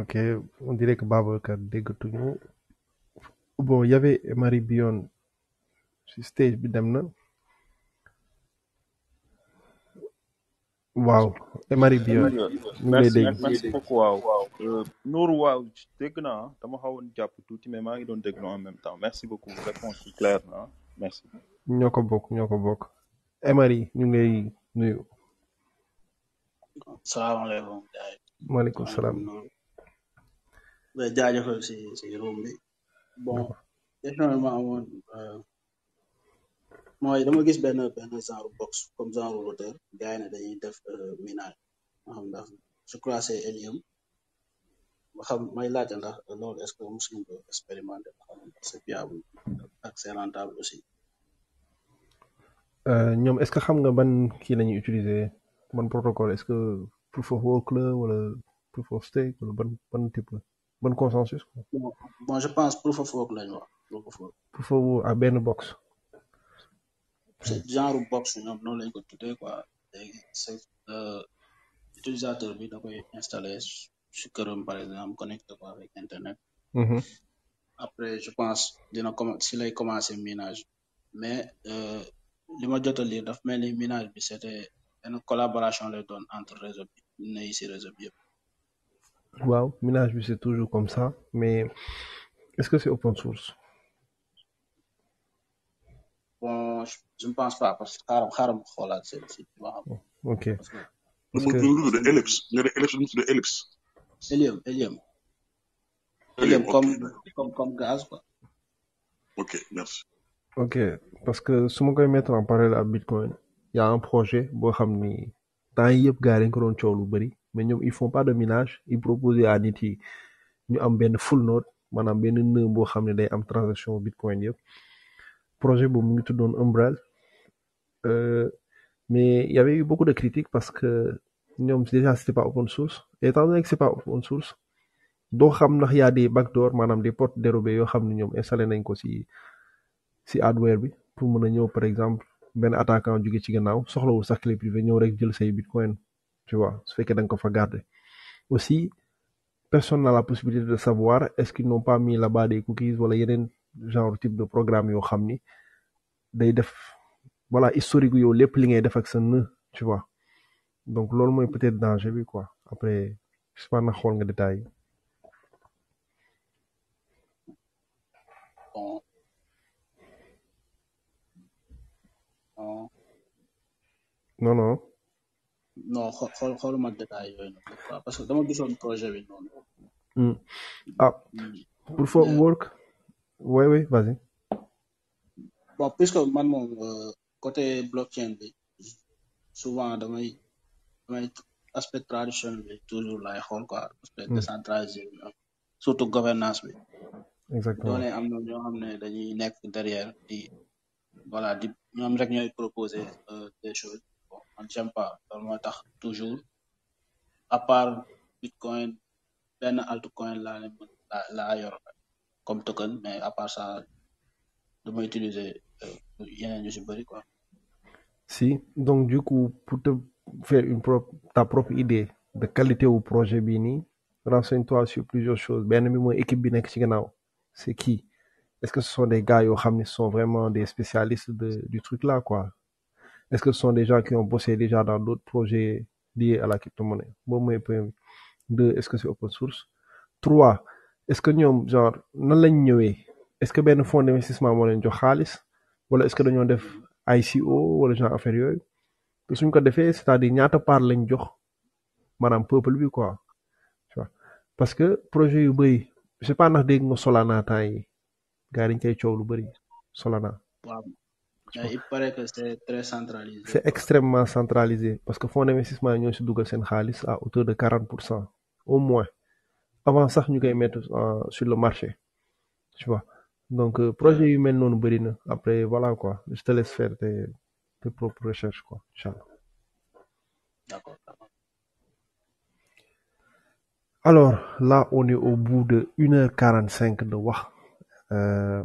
Ok, on dirait que Babacar déggatuñu bon y avait Marie Bion si stage bi dem na waaw Marie Bion ñu ngi lay dégg merci euh, waaw dégg naa dama xawoon jàpp tuuti mais maa ngi doon déglu en même temps merci beaucoup réponse bi claire na merci ñoo ko bokk ñoo ko eh, ñu ngi nuyu salaamaaleykum salaam la jaajëfal si si room bi bon question bi ma amoon euh, dama gis benn benn genre box comme genre routeur gars dañuy def euh, minage ma xam ndax su classé hélium ma xam may laajte ndax loolu est ce que expérimenté ba xam c'est viable rentable aussi euh, ñoom est ce que xam nga ban kii lañuy utiliser ban protocole est ce que la wala proof of stake wala ban ban bon consensus quoi. bon je pense pour of work lañ wax proof of work. proof ak benn box. genre box ñoom noonu lañ ko tuddee quoi léegi c'est euh, utilisateur bi da koy installé su këram par exemple connecté ko avec internet. Mm-hmm. après je pense dina commencé si lay commencé minage mais euh, li ma jot a lire daf mel ni minage bi c'était une collaboration lay doon entre réseau bi ne si réseau bi yëpp. waaw minage bi c'est toujours comme ça mais est-ce que c'est open source. je ne pense pas parce que xaaral xaaral ma xoolaat oh, ok parce que lu mu mettre en parallèle ak bitcoin y a projet boo xam ni temps yii yëpp gars yi dañ ko doon coow lu bëri. mais ñoom ils font pas minage ils proposent à nit yi ñu am benn full maanaam benn boo xam ne day am transaction bitcoin yëpp projet boobu mu ngi tuddoon Umbrel euh, mais il y avait eu beaucoup de critiques parce que ñoom déjà c'était pas open source et étant donné que c'est source doo xam nax y a des backdoor maanaam des portes dérobées yoo xam ne ñoom installé nañ ko ci ci hardware bi pour mën a ñëw par exemple benn attaquant jóge ci gannaaw soxlawul sax clé privée ñëw rek jël say bitcoin tu vois su fekkee da nga ko fa garder aussi personne n'a la possibilité de savoir est-ce qu'ils n'ont pas mis là-bas des cookies wala yeneen genre type de programme yoo xam ni day def voilà historique yow lépp li ngay def ak sa në tu vois donc loolu mooy peut-être danger bi quoi après je pas na xool nga détail bon non non non xool xooluma détail yooyu noonu parce que dama gisoon projet bi noonu. Hmm. ah hmm. pour for euh, work. oui oui vas-y. puisque man moom euh, côté blockchain bi souvent damay damay aspect traditionnel bi toujours lay xool quoi. aspect hmm. décentralisé bi surtout gouvernance bi. exactement doone am ñoo xam ne dañuy nekk derrière di di ñoom rek ñooy proposer euh, des choses. man j'aime pas moo tax toujours à part bitcoin benn altcoin laa leen mën laa yor comme token mais à par ça du ma utiliser euh, yeneen yu si bëri si donc du coup pour te faire une propre ta propre idée de qualité wu projet bii nii renseigne-toi sur plusieurs choses benn bi mooy équipe bi nekk ci gannaaw c'est qui est-ce que ce sont des gars yoo xam ne ce sont vraiment des spécialistes de du truc là quoi. Est-ce que ce sont des gens qui ont bossé déjà dans d'autres projets liés à la crypto-monnaie boobu mooy premier bi deux est-ce que c'est open source trois est-ce que ñoom genre nan lañ ñëwee est-ce que benn fonds d'investissement moo leen jox xaalis wala est-ce que dañoo def ICO wala genre affaire yooyu te suñ ko defee c'est-à-dire ñaata part lañ jox maanaam peuple bi quoi tu parce que projet yu bëri je sais pas ndax dégg nga Solana temps yi gars yi dañ koy lu bëri Solana. il paraît que c'est très centralisé. extrêmement centralisé parce que fonds d'investissement yi ñoo si dugal seen xaalis à hauteur de quarante pour cent au moins avant sax ñu koy mettre sur le marché tu vois donc projet yu e mel noonu bëri na après voilà quoi je te laisse faire tes tes propres recherches quoi incha alors là on est au bout de heure quarante cinq de wax. Euh,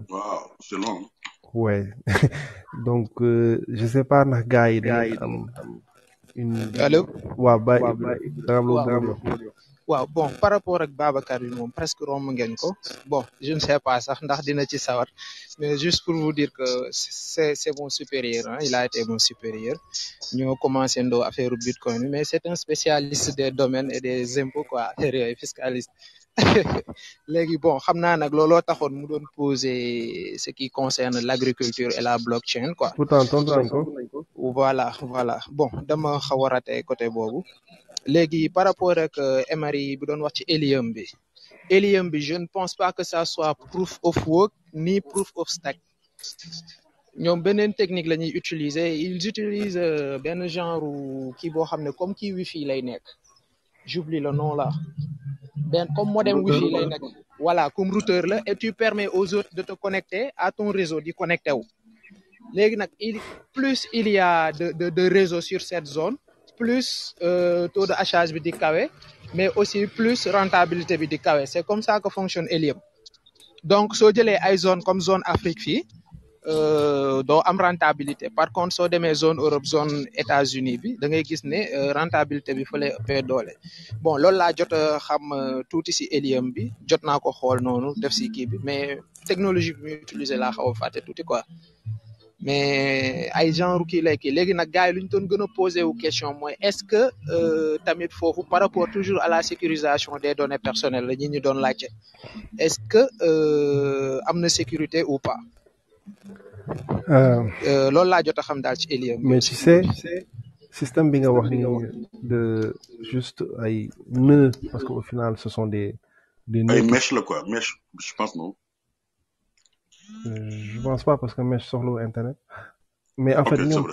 ouais donc euh, je sais pas ndax gars yi dañuy am une allo ba da waaw bon par rapport ak Babacar bi moom presque romb ngeen ko bon je ne sais pas sax ndax dina ci sawar mais juste pour vous dire que c'est c'est mon supérieur hein il a été mon supérieur ñoo commencé ndoo affaire bitcoin mais c'est un spécialiste des domaines et des impôts quoi affaire yooyu fiscaliste léegi bon xam naa nag looloo taxoon mu doon poser ce qui concerne l'agriculture et la blockchain quoi. pourtant tontu ko. voilà voilà bon dama xaw a côté boobu. léegi par rapport ak euh, MRI bi doon wax ci Helium bi. Helium bi je ne pense pas que ça soit proof of work ni proof of stake. ñoom beneen technique la ñuy utiliser ils utilisent euh, benn genre kii boo xam ne comme kii wifi lay nekk. j'oublie le nom benn comme modem wifi lay nekk voilà comme routeur la et tu permets aux autres de te connecter à ton réseau di connecté wu léegi nag il plus il y a de de de sur cette zone plus euh, taux de hachage bi di kawe mais aussi plus rentabilité bi di kawe c'est comme ça que fonctionne Helium donc so jëlee ay zone comme zone Afrique fii Euh, doo am rentabilité par contre soo demee zone Europe zone États-Unis bi da ngay gis ne euh, rentabilité bi fa la ëppee doole bon loolu laa jot a xam euh, tuuti si hélium bi jot naa ko xool noonu def si kii bi mais technologie bi ñu utiliser la xaw a fàtte tuuti quoi mais ay genre kii lay kii léegi nag gars yi lu ñu doon gën a posé wu question mooy est-ce que tamit foofu par rapport toujours à la sécurisation des données personnelles la ñi ñu doon laajte est-ce que am na sécurité ou pas Euh, euh, loolu laa jot a xam daal ci Elia. mais tu sais système bi nga wax ni de juste ay nœud parce que au final ce sont des. des nœuds la quoi mèche euh, je pense pas parce que mèche soxla internet. mais en ñoom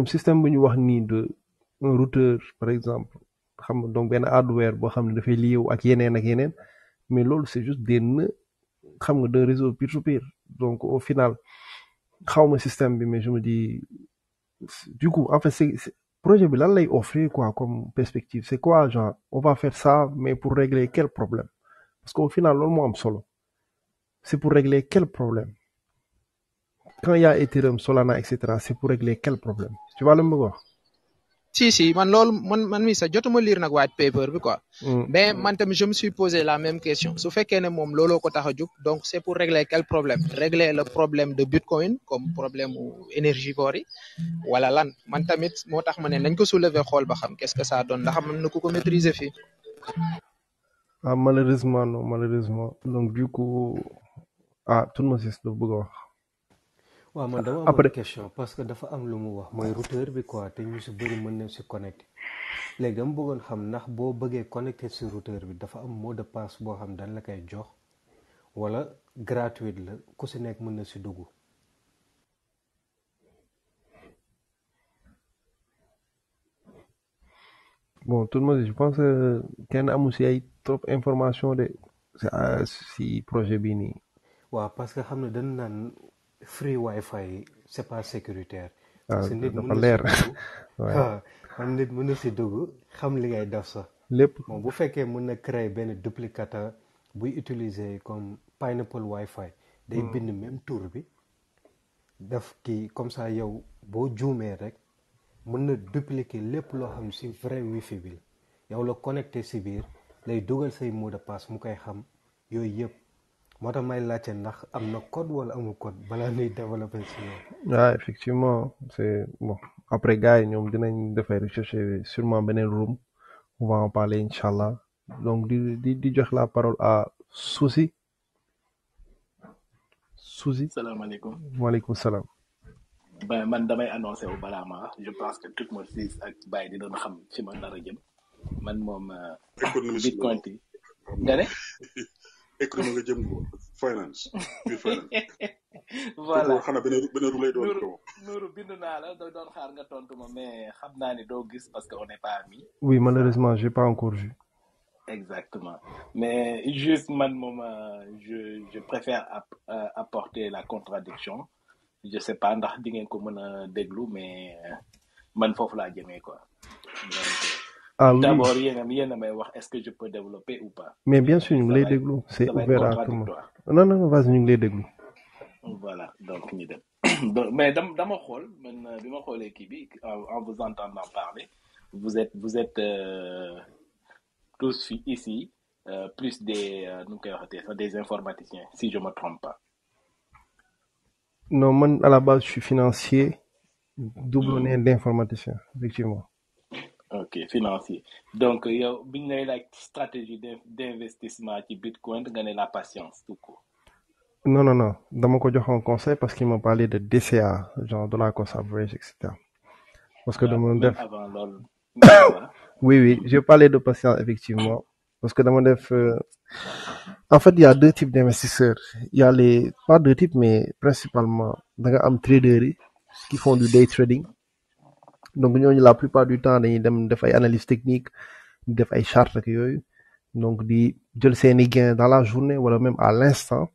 ok système bu ñu wax nii de un routeur par exemple xam donc benn hardware boo xam ne dafay lié ak yeneen ak yeneen mais loolu c'est juste des nœuds xam nga de réseau peer to peer donc au final xaw ma système bi mais je me dis du coup en fait c'est projet bi lan lay offrir quoi comme perspective c'est quoi genre on va faire ça mais pour régler quel problème parce que au final loolu moo am solo c'est pour régler quel problème quand il y a Ethereum Solana et cetera c'est pour régler quel problème tu vois lu ma wax si si man loolu man man mi sax jotuma lire nag white paper bi quoi. Mm. mais man tamit je me suis la même question su fekkee ne moom looloo ko tax a jóg donc c' est pour régler quel problème régler le problème de bitcoin comme problème mu énergivore yi wala lan man tamit moo tax ma ne nañ ko soulever xool ba xam qu' est ce que ça donne ndax am na ku ko maîtriser fi ah malheureusement non malheureusement donc du coup ah tout le monde si a wax. waaw man dama que dafa am lu mu wax mooy routeur bi quoi te ñu si bëri mën nañ si connecté léegi dama bëggoon xam ndax boo bëggee connecté si routeur bi dafa am moo de passe boo xam dañ koy jox wala la ku si nekk mën na si dugg. bon si ay trop information de euh, si projet bii nii. xam ne dañ naan. free wifi yi c'est pas sécuritaire. Ah, parce que nit mën ah, na si dugg xam li ngay def sax. lépp moom bu fekkee mun na créer benn duplicata buy utiliser comme pineapple wifi. day hmm. bind même tour bi. def ki comme ça yow boo juumee rek mën na dupliquer lépp loo xam si vrai wifi bi yow la connecté si biir lay dugal say mot de passe mu koy xam yooyu yëpp. moo tax may laajte ndax am na code wala amul code balaa ñuy développé si yow. effectivement c' bon après gars yi ñoom dinañ dafay recherche sûrement beneen room on va en parler incha allah donc di di di jox la parole à Sousi. Sousi salaamaaleykum waaleykum salaam. ben man damay annoncé wu balaa ma je pense que tout le monde ak Baye di doon xam ci man dara jëm man moom. Euh, économie économie nga jëm ko finance biir finance. voilà kooku xanaa benn benn ru xaar nga tontu ma mais xam naa ne doo gis parce que on n'est pas amis. oui malheureusement j'ai pas encore vu. Exactement. Mais juste, man, moment, euh, je, je préfère app, euh, apporter la contradiction. Je sais pas, je ne sais pas comment mais euh, man, foofu la quoi. Donc, D'abord yéen yéen a may wax est-ce que je peux développer ou pas. mais lay déglu c'est ouvert a tout le monde non non non vas-y ñu ngi lay déglu. voilà donc ñu dem mais dama dama xool man bi ma xoolee kii bi en vous entendant parler vous êtes vous êtes euh, tous fii ici euh, plus des nu mu koy waxatee sax des informaticiens si je me trompe pas. non man à la base je suis financier hmm. effectivement. ok financier donc yow bi ñu lay laaj stratégie d'investissement ci Bitcoin nga ne la patience tout court. non non non dama ko joxoon conseil parce qu'ils m'ont de DCA genre dollar cost average et cetera parce que ah, dama def avant loolu oui oui j'ai de patience effectivement parce que dama def euh, en fait il y a deux types d'investisseurs il y a les pas deux types mais principalement da nga am traders yi qui font du day trading. donc ñooñu la plupart du temps dañuy dem def ay analyse technique di def ay charte ak yooyu donc di jël seeni gain dans la journée wala même à l'instant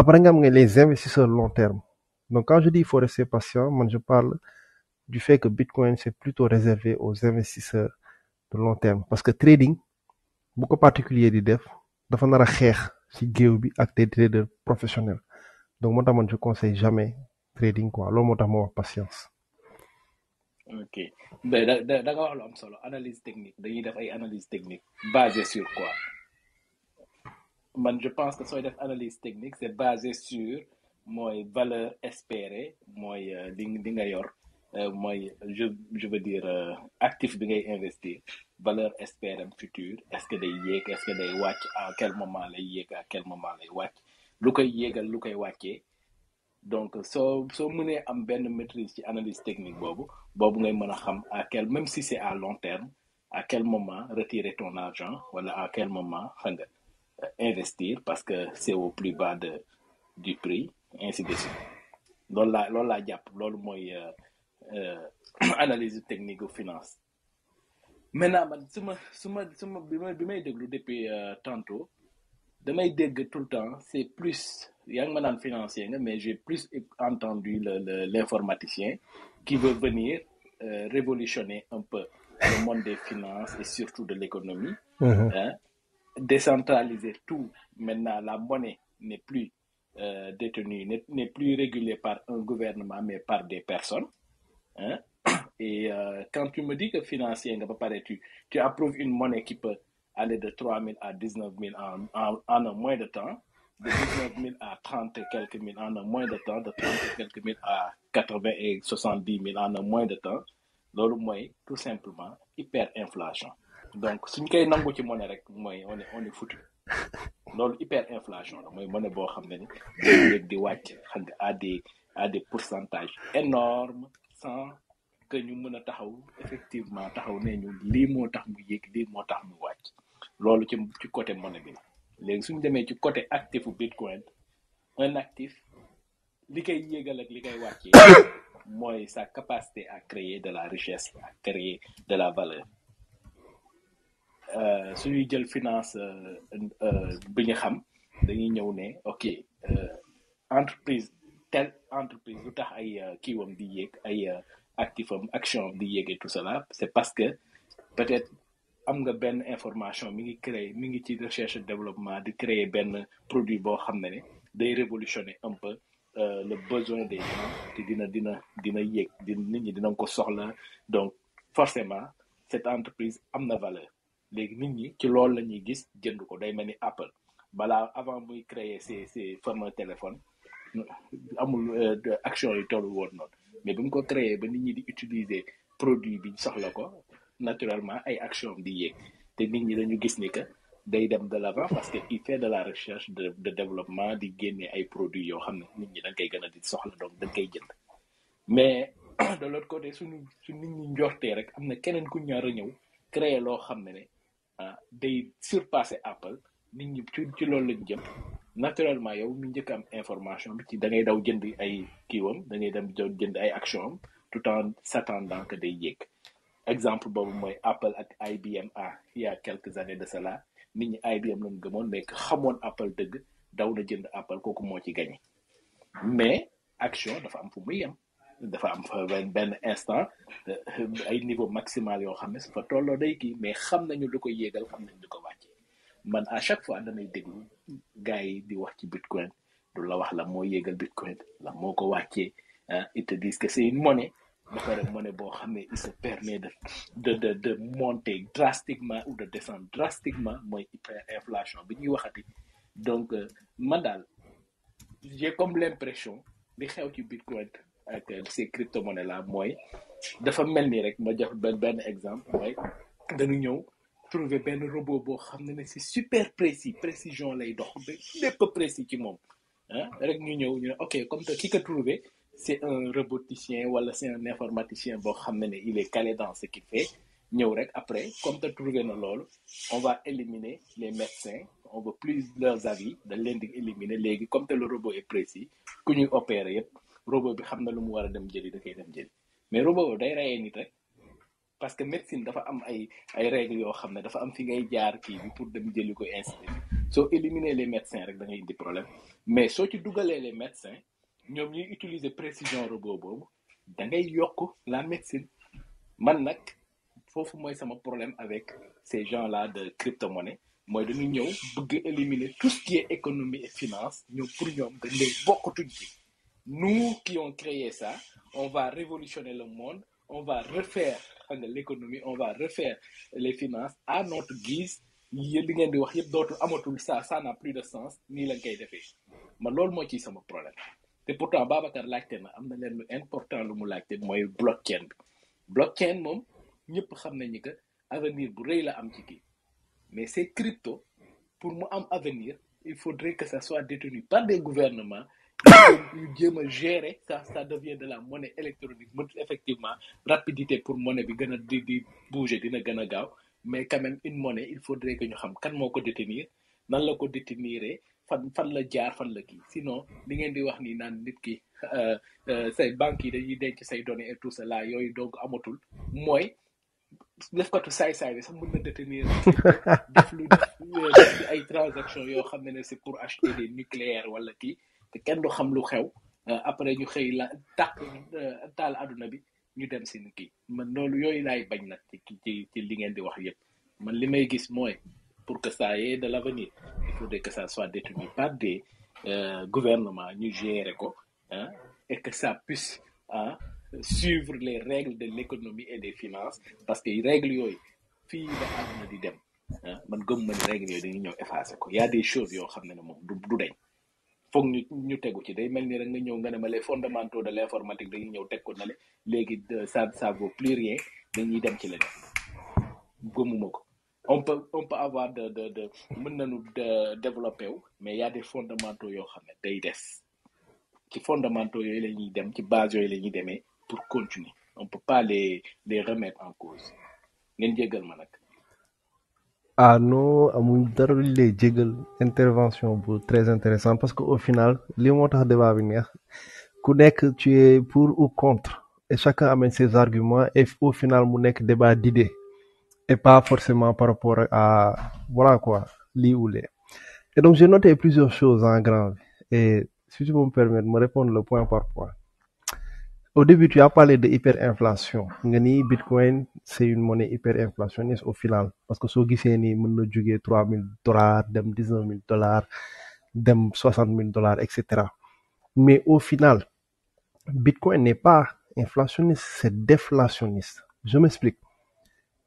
après nga am nga les investisseurs long terme donc quand je dis il faut rester patient man je parle du fait que Bitcoin c'est plutôt réservé aux investisseurs de long terme parce que trading bu ko particulier di def dafa nar a xeex si géew bi ak des traders professionnels donc moo tax man je conseille jamais trading quoi loolu ok da da da nga wax lu am solo analyse technique dañuy def ay analyse technique basée sur quoi man je pense que sooy def analyse technique c'est basé sur mooy valeur espérée mooy euh, li li nga yor euh, mooy je je veux dire euh, actif bi ngay investir valeur espérée future est-ce que day yéeg est-ce que day wàcc à quel moment lay yéeg a quel moment lay wàcc lu koy yéegal lu koy wàccee donc soo soo mënee am benn maîtrise ci analyse technique boobu boobu ngay mën a xam à quel même si c'est à long terme à quel moment retirer ton argent wala à quel moment xam nga euh, investir parce que c'est au plus bas de du prix ainsi de suite loolu laa loolu laa jàpp loolu mooy euh, euh, analyse technique finance maintenant man su ma su ma su ma bi may déglu depuis tantôt damay dégg tout le temps c'est plus yaa ngi ma naan financier nga mais j'ai plus entendu le le l'informaticien qui veut venir euh, révolutionner un peu le monde des finances et surtout de l'économie mmh. décentraliser tout maintenant la monnaie n'est plus euh, détenue n'est, n'est plus régulée par un gouvernement mais par des personnes hein? et euh, quand tu me dis que financier nga ba pare tu tu approuves une monnaie qui peut aller de 3 mille à 19 000 en, en, en un moins de temps, de 19 000 à trente et quelques mille en un moins de temps, de 30 quelques mille à 80 et 70 000 en un moins de temps, loolu mooy tout simplement hyperinflation. donc suñ koy nangu ci monnaie rek mooy on est on loolu foutu loolu hyperinflation la mooy monnaie boo xam ne ni day di wàcc xam nga à des à des pourcentages énormes sans que ñu mën a taxaw effectivement taxaw ne lii moo tax mu yéeg lii moo tax mu wàcc. loolu ci ci côté monnaie bi léegi suñu demee ci côté actifu bitcoin un actif li koy yéegal ak li koy wàccee mooy sa capacité à créer de la richesse à créer de la valeur euh, suñuy jël finance euh, euh, bi ñu xam dañuy ñëw ne ok entreprise tel entreprise lu tax ay kiiwam di yéeg ay actifam action di yéeg et tout cela c'est parce que peut-être am nga benn information mi ngi créer mi ngi ci recherche développement di créer benn produit boo xam ne ne day révolutionner un peu euh, le besoin des gens te dina dina dina yéeg di nit ñi dinañ ko soxla donc forcément cette entreprise am na valeur léegi nit ñi ci loolu la ñuy gis jënd ko day mel ni Apple balaa avant muy créer ces ces fameux téléphone amul euh, action yi tollu woon noonu mais bi mu ko créer ba nit ñi di utiliser produit bi soxla ko naturellement ay action am di yéeg te nit ñi dañu gis ni que day dem de l'avant parce que il fait de la recherche de de développement di génne ay produits yoo xam ne nit ñi dañ koy a di soxla donc dañ koy jënd mais de l'autre côté suñu su nit ñi njortee rek am na keneen ku ñaar a ñëw créer loo xam ne ne ah day surpasser Apple nit ñi ci ci loolu lañ jëm naturellement yow mi njëkk am information bi ci da ngay daw jënd ay kiiwam da ngay dem jënd ay action am tout en s'attendant que day yéeg exemple boobu mooy Apple ak IBM a il quelques années de cela nit ñi IBM lañ gëmoon mais xamoon Apple dëgg daw na jënd Apple kooku moo ci gagné mais action dafa am fu muy yem dafa am fa benn instant euh, ay niveau maximal yoo xam ne su fa tolloo day kii mais xam nañu lu ko yéegal xam nañu lu ko wàccee man à chaque fois damay déglu gars yi di wax ci bitcoin du la wax la moo yéegal bitcoin la moo ko wàccee ah ils te disent que c'est ba pare monnaie boo xamee il se permet de de de de monter drastiquement ou de descendre drastiquement mooy hyperinflation bi ñuy waxati donc euh, man daal j'ai comme l'impression li xew ci bitcoin ak ces crypto monnaies là mooy dafa mel ni rek ma jox benn benn exemple mooy dañu ñëw trouver benn robot boo xam ne si c'est super précis précision lay dox ba lépp précis ci moom rek ñu ñëw ñu ne ok comme que ki ko c'est un roboticien wala c'est un informaticien boo xam ne ne il est calé dans ce qu'il fait ñëw rek après comme te trouvé na loolu on va éliminer les médecins on veut plus leurs avis dañ leen di éliminer léegi comme te le robot est ku ñuy opérer yëpp robot bi xam na lu mu war a dem jëli da koy dem jëli mais robot day rayee nit rek parce que médecine dafa am ay ay yoo xam ne dafa am fi ngay jaar kii bi pour dem jëli ko ainsi soo éliminer les médecins rek da ngay indi problème soo ci dugalee les médecins ñoom ñuy utiliser précision robot boobu da ngay yokk la médecine man nag foofu mooy sama problème avec ces gens la de crypto-monnaie mooy dañu ñëw bëgg éliminer tout ce qui est économie et finance ñoom pour ñoom dañ lay bokkatuñ ci nous qui ont créé ça on va révolutionner le monde on va refaire xam nga l'économie on va refaire les finances à notre guise yéen li ngeen di wax yëpp dootul amatul sa ça n'a plus de sens nii lañ koy defee ma loolu mooy ciy sama problème te pourtant Babacar laajte na am na leen lu important lu mu laajte mooy blockchain bi blockchain moom ñëpp xam nañu que avenir bu rëy la am ci kii mais ces crypto pour mu am avenir il faudrait que ça soit détenu par des gouvernements yu jéem a ca ça ça devient de la monnaie électronique mu effectivement rapidité pour monnaie bi gën a di di bouger dina gën a gaaw mais quand même une monnaie il faudrait que ñu xam kan moo ko détenir nan la ko déteniree fan fan la jaar fan la kii sinon li ngeen di wax nii naan nit ki euh, euh, say banques yi dañuy denc say données et tout yooyu donc amatul mooy def katu saay-saay bi sax mën na détenir def lu def euh, ay transaction yoo xam ne ne c'est pour acheter des nucléaires wala kii te kenn du xam lu xew après ñu xëy la tàq taal àdduna bi ñu dem seen ki man loolu yooyu laay bañ na ci ci ci li ngeen di wax yépp man li may gis mooy pour que ça ait de l'avenir il faudrait que ça soit détenu par de euh, gouvernement ñu gérer ko ah et que ça puisse ah suivre les règles de l'économie et des finances parce que règles yooyu fii ba àdduna di dem ah man gëm ma ni règles yooyu ñu ñëw effacer ko y des choses yoo xam ne ne moom du du deñ ñu tegu ci day mel ni rek nga ñëw nga ne ma les fondamentaux de l'informatique dañuy ñëw teg ko na le léegi euh, ça ça vaut plus rien dañuy dem ci leneen gëmuma ko on peut on peut avoir de de de mën nañu développer wu mais y a des fondamentaux yoo xam ne day des ci fondamentaux yooyu la ñuy dem ci base yooyu la ñuy demee pour continuer on peut pas les les en cause ngeen jéggal ma nag. ah noo amuñ dara lu lay jéggal intervention bu très intéressant parce que au final li moo tax débat bi neex ku nekk tu pour ou contre et chacun amène ses arguments et au final mu nekk débat d'idées et pas forcément par rapport à voilà quoi lii ou lee et donc j'ai noté plusieurs choses en grand et si tu peux me permettre me répondre le point par point au début tu as parlé de hyperinflation nga ni bitcoin c'est une monnaie hyperinflationniste au final parce que soo gisee nii mën na jógee trois mille dollars dem dix neuf mille dollars dem soixante mille dollars et cetera mais au final bitcoin n'est pas inflationniste c'est déflationniste je m'explique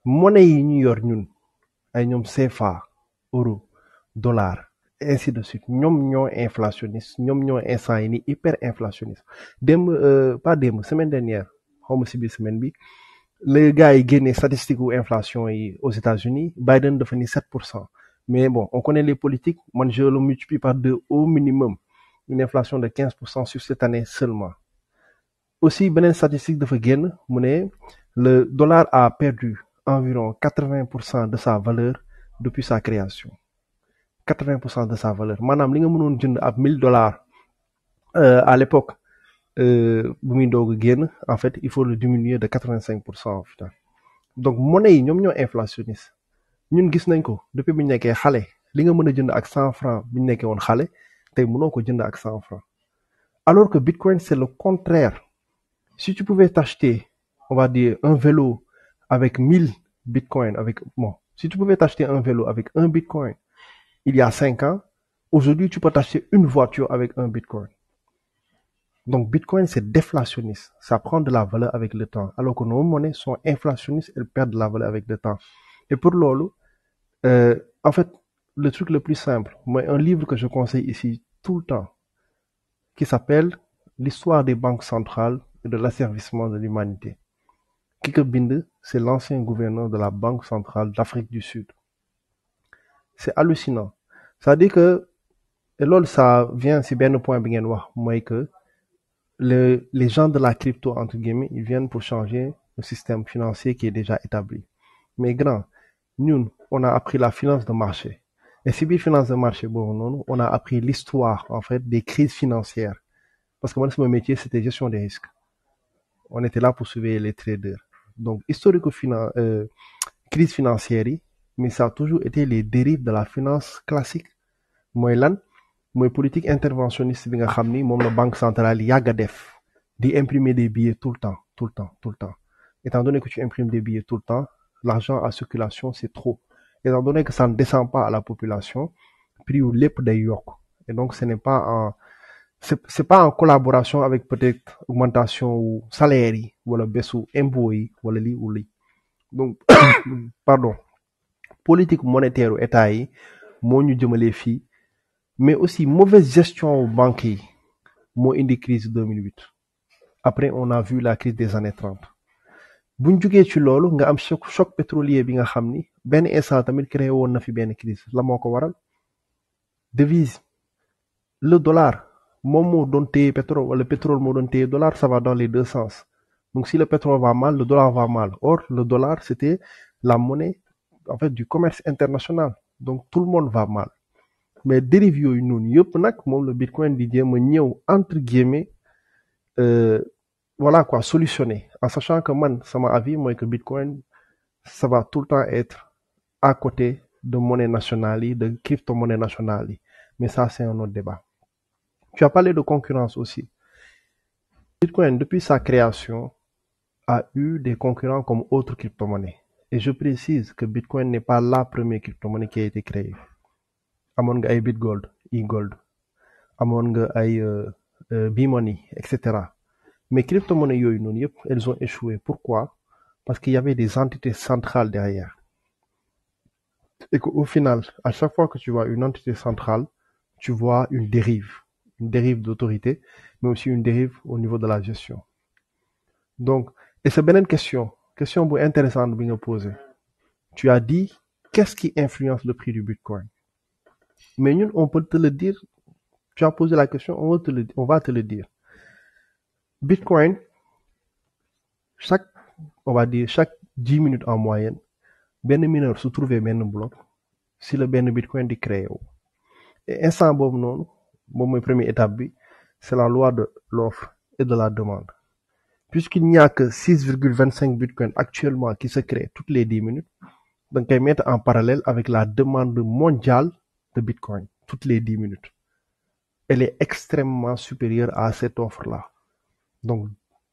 monnaie yi ñu yor ñun ay ñoom CFA euro dollar ainsi de suite ñoom ñoo inflationniste ñoom ñoo instant yi ni hyper inflationniste démb euh, pas démb semaine dernière xawma si biir semaine bi la gars yi génnee statistique wu inflation yi aux États-Unis Biden dafa ni pour cent mais bon on connaît les politiques man je le multiplie par deux au minimum une inflation de quinze pour cent sur cette année seulement aussi beneen statistique dafa génn mu ne le dollar a perdu environ quatre-vingt pour cent de sa valeur depuis sa création quatre-vingt pour cent de sa valeur maanaam li nga mënoon jënd ab mille dollars euh, à l'époque euh, bu muy doog a génn en fait il faut le diminuer de quatre-vingt-cinq pour cent donc monnaie yi ñoom ñoo inflationniste ñun gis nañ ko depuis bu ñu nekkee xale li nga mën a jënd ak cent franc bu ñu nekkee woon xale tey mënoo ko jënd ak cent franc alors que bitcoin c'est le contraire si tu pouvais t'acheter on va dire un vélo avec 1000 bitcoins, avec, bon, si tu pouvais t'acheter un vélo avec un bitcoin il y a 5 ans, aujourd'hui, tu peux t'acheter une voiture avec un bitcoin. Donc, bitcoin, c'est déflationniste. Ça prend de la valeur avec le temps. Alors que nos monnaies sont inflationnistes, elles perdent la valeur avec le temps. Et pour l'OLO, euh, en fait, le truc le plus simple, moi, un livre que je conseille ici tout le temps, qui s'appelle L'histoire des banques centrales et de l'asservissement de l'humanité. Kikabinde, c'est l'ancien gouverneur de la Banque centrale d'Afrique du Sud. c'est hallucinant c'est-à-dire que loolu ça vient si benn point bi ngeen wax mooy que le les gens de la crypto entre guillemets ils viennent pour changer le système financier qui est déjà établi mais grand ñun on a appris la finance de marché et si biir finance de marché boobu noonu on a appris l'histoire en fait des crises financières parce que man sama métier c'était gestion des risques on était là les traders donc historique finan euh, crise financière yi mais ça a toujours été les dérives de la finance classique mooy lan mooy politique interventionniste bi nga xam ni moom la banque centrale yàgg a def di imprimer des billets tout le temps tout le temps tout le temps étant donné que tu imprimes des billets tout le temps l'argent à circulation c'est trop étant donné que ça ne descend pas à la population prix yu lépp day yokk et donc ce n'est pas c'est pas en collaboration avec peut-être augmentation wu salaire yi wala bésu impôt yi wala lii wala lii donc pardon politique monétaire u état yi moo ñu jëmalee fii mais aussi mauvaise gestion wu banque yi moo indi crise 2008 après on a vu la crise des années 30 bu ñu jugee ci loolu nga am choc choc pétrolier bi nga xam ni benn instant tamit créé woon na fi benn crise la moo ko waral devise le dollar moom moo doon téye pétrole wala pétrole moo doon téye dollar ça va dans les deux sens donc si le pétrole va mal le dollar va mal or le dollar c'était la monnaie en fait du commerce international donc tout le monde va mal mais dérive yooyu noonu yëpp nag moom le bitcoin di jéem a ñëw entre guillemets euh, voilà quoi solutionner en sachant que man sama avis mooy que bitcoin ça va tout le temps être à côté de monnaie nationale yi de crypto monnaie nationale yi mais ça c'est un Tu as parlé de concurrence aussi. Bitcoin, depuis sa création, a eu des concurrents comme autres crypto-monnaies. Et je précise que Bitcoin n'est pas la première crypto-monnaie qui a été créée. Among ay Bitgold, eGold, Among ay euh, euh, B-Money, etc. Mais crypto-monnaies yoyu non yep, elles ont échoué. Pourquoi? Parce qu'il y avait des entités centrales derrière. Et qu'au final, à chaque fois que tu vois une entité centrale, tu vois une dérive. une dérive d'autorité, mais aussi une dérive au niveau de la gestion. Donc, et c'est beneen question, question bu intéressante bi nga posé. Tu as dit, qu'est-ce qui influence le prix du Bitcoin? Mais ñun, on peut te le dire, tu as posé la question, on va te le, va te dire. Bitcoin, chaque, on va dire, chaque dix minutes en moyenne, benn mineur su trouvé benn bloc, si le benn Bitcoin di créé wu. Et instant boobu noonu. moom mooy première étape bi c'est la loi de l'offre et de la demande puisqu'il n'y a que six virgule vingt cinq bitcoins actuellement qui se créent toutes les dix minutes da nga koy mettre en parallèle avec la demande mondiale de bitcoin toutes les dix minutes elle est extrêmement supérieure à cette offre là donc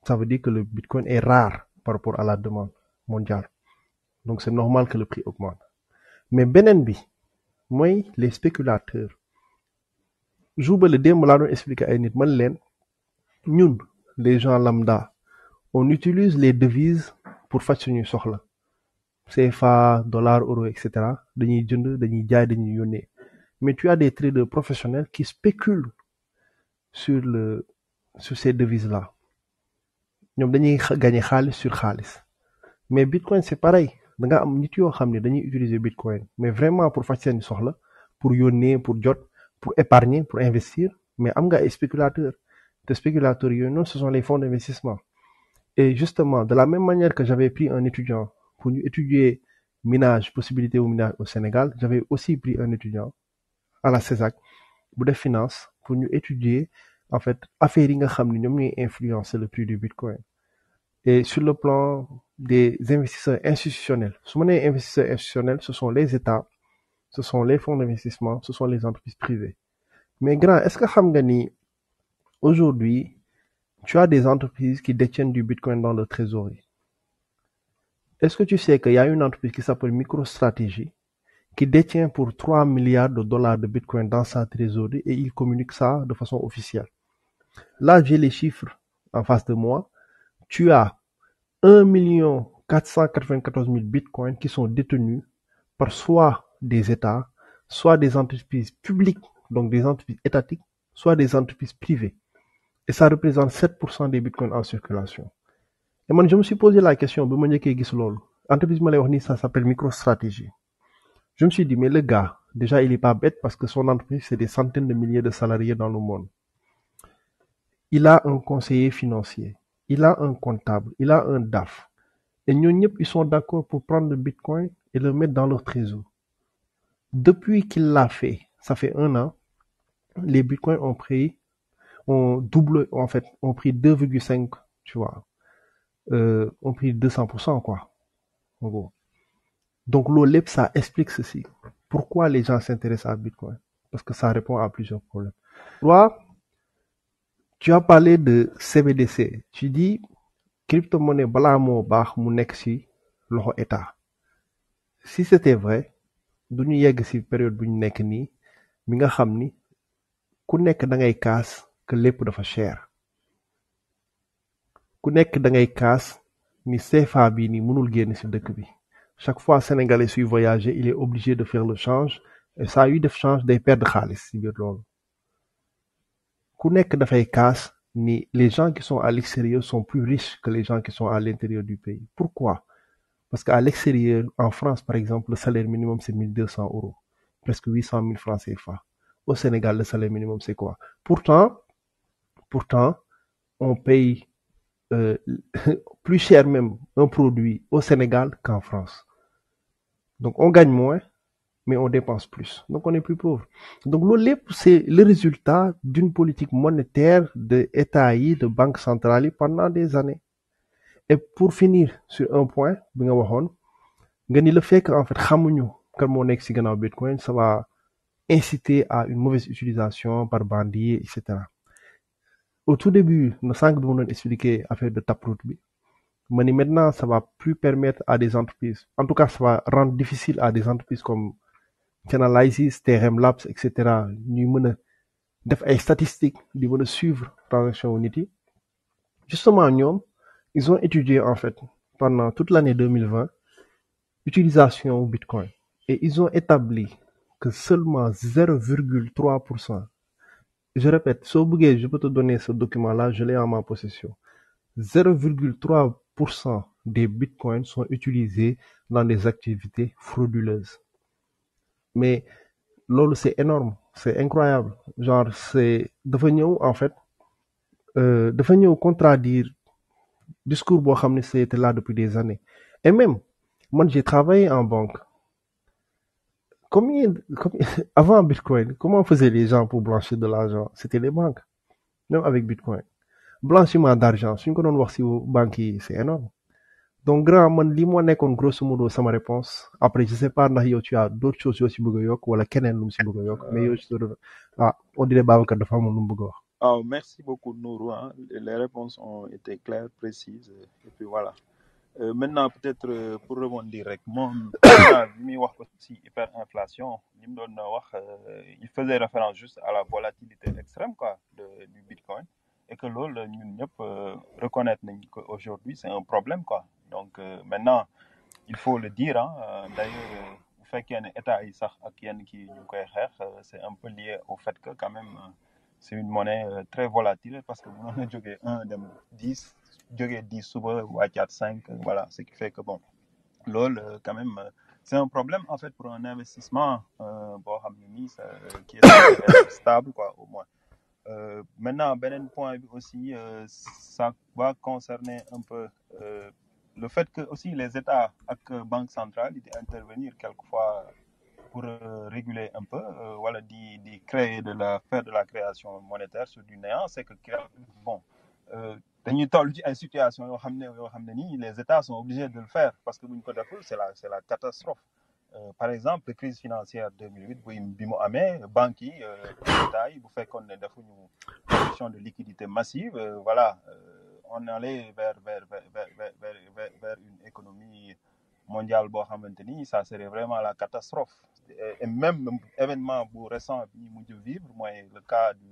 ça veut dire que le bitcoin est rare par rapport à la demande mondiale donc c'est normal que le prix augmente mais beneen bi mooy les spéculateurs jour ba le démb laa doon expliquer ay nit man leen ñun les gens lambda on utilise les devises pour faj suñuy soxla CFA dollar euro et cetera dañuy jënd dañuy jaay dañuy yónnee mais tu as des traders professionnels qui spéculent sur le sur ces devises la ñoom dañuy gagné xaalis sur xaalis mais bitcoin c'est pareil da nga am nit yoo xam ne dañuy utiliser bitcoin mais vraiment pour faj seen soxla pour yónnee pour jot. pour épargner, pour investir, mais am nga ay spéculateurs te spéculateurs yooyu noonu ce sont les fonds d'investissement et justement de la même manière que j'avais pris un étudiant pour ñu étudier minage possibilité wu minage au Sénégal j'avais aussi pris un étudiant à la CESAC bu def finance pour ñu étudier en fait affaires yi nga xam ni ñoom ñooy influencer le prix du bitcoin et sur le plan des investisseurs institutionnels su ma nee investisseurs institutionnels ce sont les États ce sont les fonds d'investissement, ce sont les entreprises privées. Mais grand, est-ce que Hamgani, aujourd'hui, tu as des entreprises qui détiennent du Bitcoin dans leur trésorerie Est-ce que tu sais qu'il y a une entreprise qui s'appelle MicroStrategy qui détient pour 3 milliards de dollars de Bitcoin dans sa trésorerie et il communique ça de façon officielle Là, j'ai les chiffres en face de moi. Tu as 1 million 494 000 bitcoins qui sont détenus par soi des États, soit des entreprises publiques, donc des entreprises étatiques, soit des entreprises privées. Et ça représente 7% des bitcoins en circulation. Et moi, je me suis posé la question, bi ma ñëkkee gis loolu, entreprise ma lay wax nii, ça s'appelle MicroStratégie. Je me suis dit, mais le gars, déjà, il est pas bête parce que son entreprise, c'est des centaines de milliers de salariés dans le monde. Il a un conseiller financier, il a un comptable, il a un DAF. Et ñëpp, ils sont d'accord pour prendre le bitcoin Depuis qu'il l'a fait, ça fait un an, les bitcoins ont pris, on double, en fait, ont pris 2,5, tu vois, euh, ont pris 200%, quoi, en gros. Donc, l'OLEP, ça explique ceci. Pourquoi les gens s'intéressent à Bitcoin? Parce que ça répond à plusieurs problèmes. Toi, tu as parlé de CBDC. Tu dis, crypto-monnaie, bala mo bah, mon état. Si c'était vrai, du ñu yegg ci période bu ñu nekk nii mi nga xam ni ku nekk dangay kaas que lépp dafa cher ku nekk dangay kaas ni CFA bii nii mënul génn ci dëkk bi chaque fois sénégalais suy voyager il est obligé de faire le change et saa yuy def change day perdre xaalis ci biir loolu ku nekk dafay kaas ni les gens qui sont à l'extérieur sont plus riches que les gens qui sont à l'intérieur du pays pourquoi Parce qu'à l'extérieur, en France, par exemple, le salaire minimum, c'est 1200 euros. Presque 800 000 francs CFA. Au Sénégal, le salaire minimum, c'est quoi? Pourtant, pourtant, on paye euh, plus cher même un produit au Sénégal qu'en France. Donc, on gagne moins, mais on dépense plus. Donc, on est plus pauvre. Donc, l'OLEP, c'est le résultat d'une politique monétaire de État de banque centrale pendant des années. et pour finir sur un point bi nga waxoon nga ni la fekk en fait xamuñu kan moo nekk ci gannaaw bitcoin ça va inciter à une mauvaise utilisation par bandits et cetera au tout début na sànq bi ma doon expliquer affaire de taproot bi ma ni maintenant ça va plus permettre à des entreprises en tout cas ça va rendre difficile à des entreprises comme Chainalysis TRM Labs et cetera ñuy mën a def ay statistiques di mën a suivre transaction wu nit yi justement ñoom. Ils ont étudié en fait pendant toute l'année 2020 l'utilisation au Bitcoin et ils ont établi que seulement 0,3%. Je répète, si vous voulez, je peux te donner ce document-là, je l'ai en ma possession. 0,3% des bitcoins sont utilisés dans des activités frauduleuses. Mais lolo c'est énorme, c'est incroyable. Genre, c'est devenu en fait, euh, devenu contradire discours boo xam ne c'était là depuis des années et même man j'ai travaillé en banque combien, combien avant Bitcoin comment faisaient les gens pour blanchir de l'argent c'était les banques même avec Bitcoin blanchiment d'argent suñ ko doon wax ci banque yi c'est énorme donc grand man li moo nekkoon grosso modo sama réponse après je sais pas ndax yow tu as d'autres choses ci bëgg yokk wala keneen lu mu ci bëgg a mais yow ah on dirait Babacar dafa amoon lu mu bëgg a wax Oh, merci beaucoup, Nourou. hein. Les réponses ont été claires, précises. Et voilà. Euh, maintenant, peut-être euh, pour rebondir rek, moom président bi muy wax aussi hyperinflation, li mu doon wax, euh, il faisait référence juste à la volatilité extrême quoi, de, du Bitcoin. Et que loolu ñun ñëpp euh, reconnaître nañ que aujourd'hui c'est un problème quoi. Donc euh, maintenant, il faut le dire hein, euh, d'ailleurs euh, bu fekkee ne état yi sax ak yenn kii ñu koy xeex, euh, un peu lié au fait que quand même. c'est une monnaie euh, très volatile parce que mënoon na jógee un dem dix jógee dix suba wàccaat cinq euh, voilà ce qui fait que bon loolu euh, quand même c'est un problème en fait pour un investissement boo xam ne nii qui est stable quoi au moins euh, maintenant beneen point bi aussi euh, ça va concerner un peu le fait que aussi les États ak banque centrale di intervenir quelquefois pour euh, réguler un peu euh, wala di di créer de la faire de la création monétaire sur du néant c'est que bon euh, dañuy toll ci situation yoo xam ne yoo xam ne nii les états sont obligés de le faire parce que bu ñu ko deful c'est la c'est la catastrophe Euh, par exemple crise financière 2008 bu bi mu amee banques yi état yi bu fekkoon ne defuñu production de liquidité massive euh, voilà euh, on allait vers une économie mondial boo xamante ni ça serait vraiment la catastrophe et même événement bu récent bi ñu mujj vivre mooy le cas du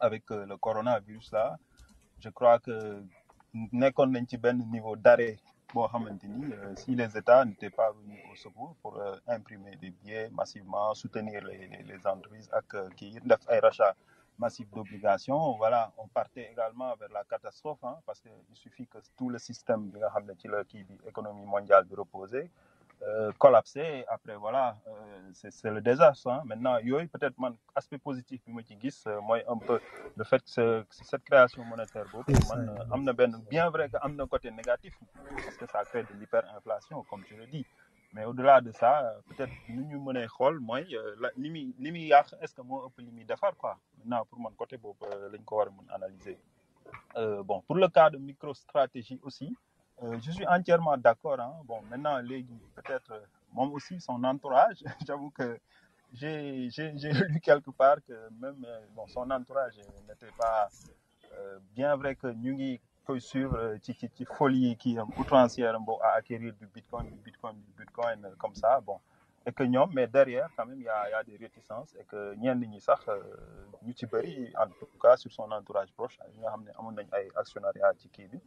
avec euh, le coronavirus là je crois que nekkoon nañ ci benn niveau d'arrêt boo xamante ni euh, si les États n'étaient pas venus au secours pour euh, imprimer des billets massivement soutenir les les entreprises ak kii def ay rachats massif d'obligation voilà on partait également vers la catastrophe hein, parce que il suffit que tout le système bi nga xam ne ci la kii bi économie mondiale bi reposé euh, après voilà euh, c'est c'est le désastre maintenant yooyu peut-être man aspect positif bi ma ci gis euh, mooy un peu le fait que ce, cette création monétaire boobu man euh, am na benn bien vrai que am na côté négatif parce que ça crée de l'hyperinflation comme tu le dis mais au-delà de ça peut-être nu ñu mënee xool mooy euh, la li muy li muy yàq est-ce que moo ëpp li muy defar quoi maintenant pour man côté boobu euh, lañ ko war a mën analyser euh, bon pour le cas de microstratégie aussi euh, je suis entièrement d'accord hein bon maintenant léegi peut-être moom aussi son entourage j'avoue que j'ai j'ai j'ai lu quelque part que même bon son entourage n'était pas euh, bien vrai que ñu ngi koy suivre ci ci ci folie yi kii am outrancière am boo à du bitcoin du bitcoin euh, comme ça bon et que ñoom mais derrière quand même y a y a des réticences et que ñenn ñi sax euh, ñu ci bëri en tout cas sur son entourage proche ñi nga xam ne amoon nañ ay actionnariat ci kii bi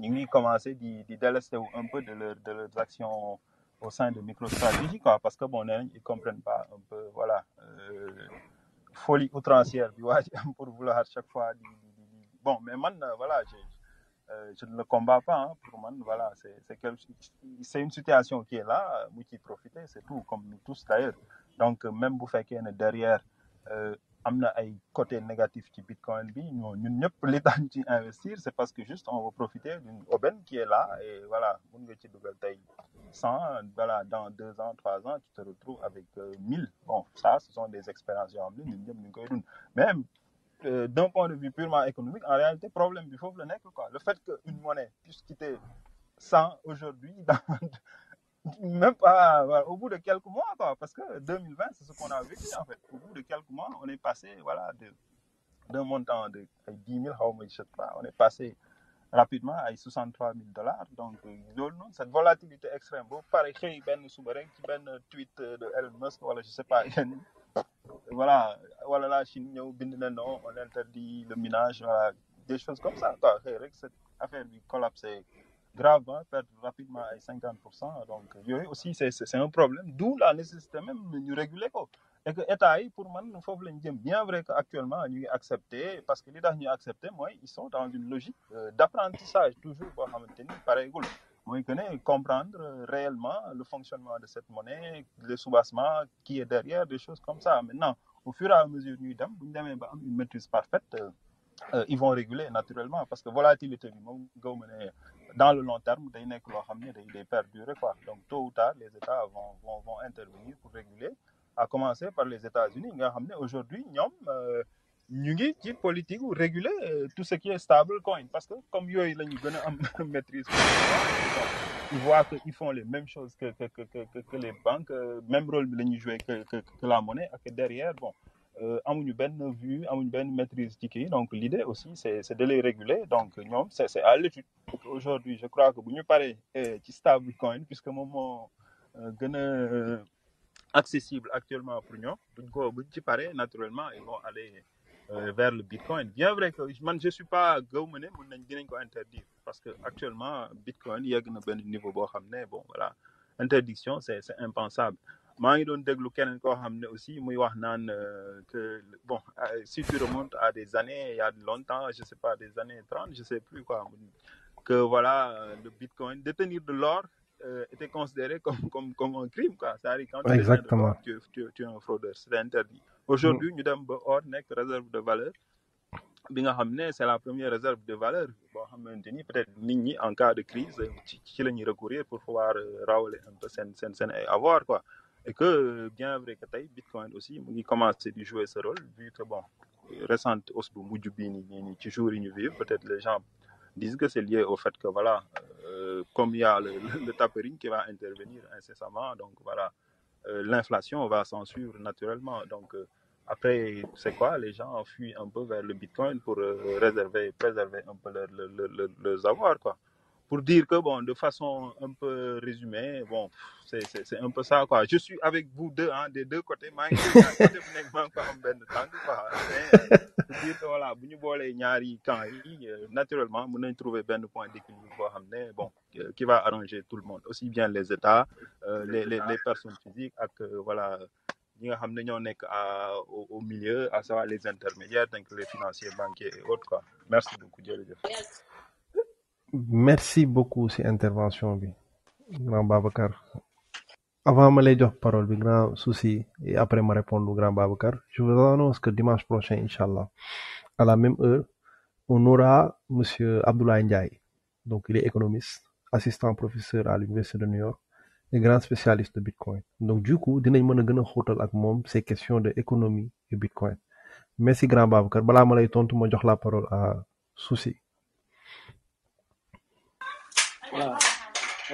ñu ngi commencé di di délester wu un peu de leur de leurs actions au sein de MicroStrategy quoi parce que bon nee nañ ils pas un peu voilà euh, folie outrancière bi waa ji pour vouloir chaque fois di bon mais man euh, voilà je euh, je ne le combats pas man voilà c'est c'est c'est une situation qui est là euh, mu ciy profiter c'est tout comme nous tous d'ailleurs donc même bu fekkee ne derrière am na ay côté négatif ci bitcoin bi ñoo ñun ñëpp li tax ci investir c'est parce que juste on veut profiter d'une aubaine qui est là et voilà mun nga ci dugal tey cent voilà dans deux ans trois ans tu te retrouves avec mille bon ça ce sont des expériences yoo xam ne ñun ñëpp ñu ngi koy dund même Euh, d'un point de vue purement économique en réalité problème bi foofu la nekk quoi le fait que une monnaie puisse quitter cent aujourd'hui même pas voilà, au bout de quelques mois quoi parce que 2020 c'est ce qu'on a vécu de quelques mois on est passé de xaw ma je sais pas on est passé rapidement ay 63 000 dollars donc euh, loolu noonu cette volatilité extrême boobu pare xëy benn suba rek ci tweet euh, de Elon Musk wala je sais pas voilà wala la Chine ñëw bind na non on interdit le minage des choses comme ça quoi xëy rek cette affaire bi collapsé gravement perdre rapidement ay cinquante pour cent donc yooyu aussi c'est c'est un problème d'où la nécessité même ñu réguler ko et que état yi pour man foofu lañu jëm bien vrai que actuellement ñu ngi accepté parce que li tax ñu accepté mooy ils sont dans une logique euh, d'apprentissage toujours boo xamante ni pareegul mooy que ne comprendre réellement le fonctionnement de cette monnaie le soubassement qui est derrière des choses comme ça maintenant au fur et à mesure ñuy dem bu ñu demee ba am une maîtrise parfaite euh, euh ils vont réguler naturellement parce que volatilité bi moom gaw ma ne dans le long terme day nekk loo xam ne day day perdurer quoi donc tôt ou tard les États vont vont vont intervenir pour réguler à commencer par les États-Unis nga xam ne aujourd'hui ñoom euh, ñu ngi ci politique wu réguler euh, tout ce qui est stable coin parce que comme yooyu la ñu gën a am maîtrise ils voient que ils font les mêmes choses que que que que, les banques euh, même rôle bi la ñuy jouer que la monnaie ak derrière bon euh, amuñu benn vue amuñu benn maîtrise ci kii donc l'idée aussi c'est c'est de les réguler donc ñoom c'est c'est à l'étude aujourd'hui je crois que bu ñu paree ci stable coin puisque moom moo gën a accessible actuellement pour ñoom buñ ko buñ ci paree naturellement ils vont Euh, vers le bitcoin bien vrai que man je suis pas gëw ma ne mën nañ dinañ ko interdire parce que actuellement bitcoin yegg na benn niveau boo xam ne bon voilà interdiction c'est c'est impensable maa ngi doon déglu keneen koo xam ne aussi muy wax naan euh, que bon euh, si tu remontes à des années il y a longtemps je sais pas des années trente je sais plus quoi que voilà le bitcoin détenir de l'or Euh, était considéré comme, comme, comme un crime. Quoi. Ça arrive quand tu, Exactement. Es, tu, tu, tu, es un c'est interdit. aujourd'hui mm. ñu dem ba or nekk réserve de valeur bi nga xam ne c'est la première réserve de valeur boo xamante ni peut-être nit ñi en cas de crise ci ci la ñuy recourir pour pouvoir euh, rawale un peu seen seen seen ay avoir quoi et que euh, bien vrai que tey bitcoin aussi mu ngi commencer di jouer ce rôle vu bon récente hausse bu mujj bii nii nii ci jour yi peut-être les gens disent que c'est lié au fait que voilà euh, comme il y a le, le, le tapering qui va intervenir incessamment donc voilà Euh, l'inflation va s'en suivre naturellement. Donc, euh, après, c'est quoi Les gens fuient un peu vers le Bitcoin pour euh, réserver, préserver un peu leurs leur, leur, leur, avoirs, quoi. pour dire que, bon, de façon un peu résumée, bon, c'est un peu ça, quoi. Je suis avec vous deux, hein, des deux côtés. maa ngi nekk maa ngi ko am benn tànk, quoi. Mais euh, que, voilà, bu ñu boolee ñaari camp yi euh, naturellement mën nañ trouver benn point d'équilibre boo xam ne bon euh, qui va arranger tout le monde aussi bien les États euh, les les les personnes physiques ak voilà ñi nga xam ne ñoo nekk à au, au milieu à savoir les intermédiaires donc les financiers banquiers et autres quoi merci beaucoup jërëjëf merci beaucoup ci intervention bi grand Babacar avant ma lay jox parole bi grand souci et après ma répondre grand Babacar je vous annonce que dimanche prochain incha allah à la même heure on aura monsieur Abdoulaye Ndiaye donc il est économiste assistant professeur à l'université de New York et grand spécialiste de Bitcoin donc du coup dinañ mën a gën a xóotal ak moom ces questions de économie et Bitcoin merci grand Babacar balaa ma lay tontu ma jox la parole à souci waaw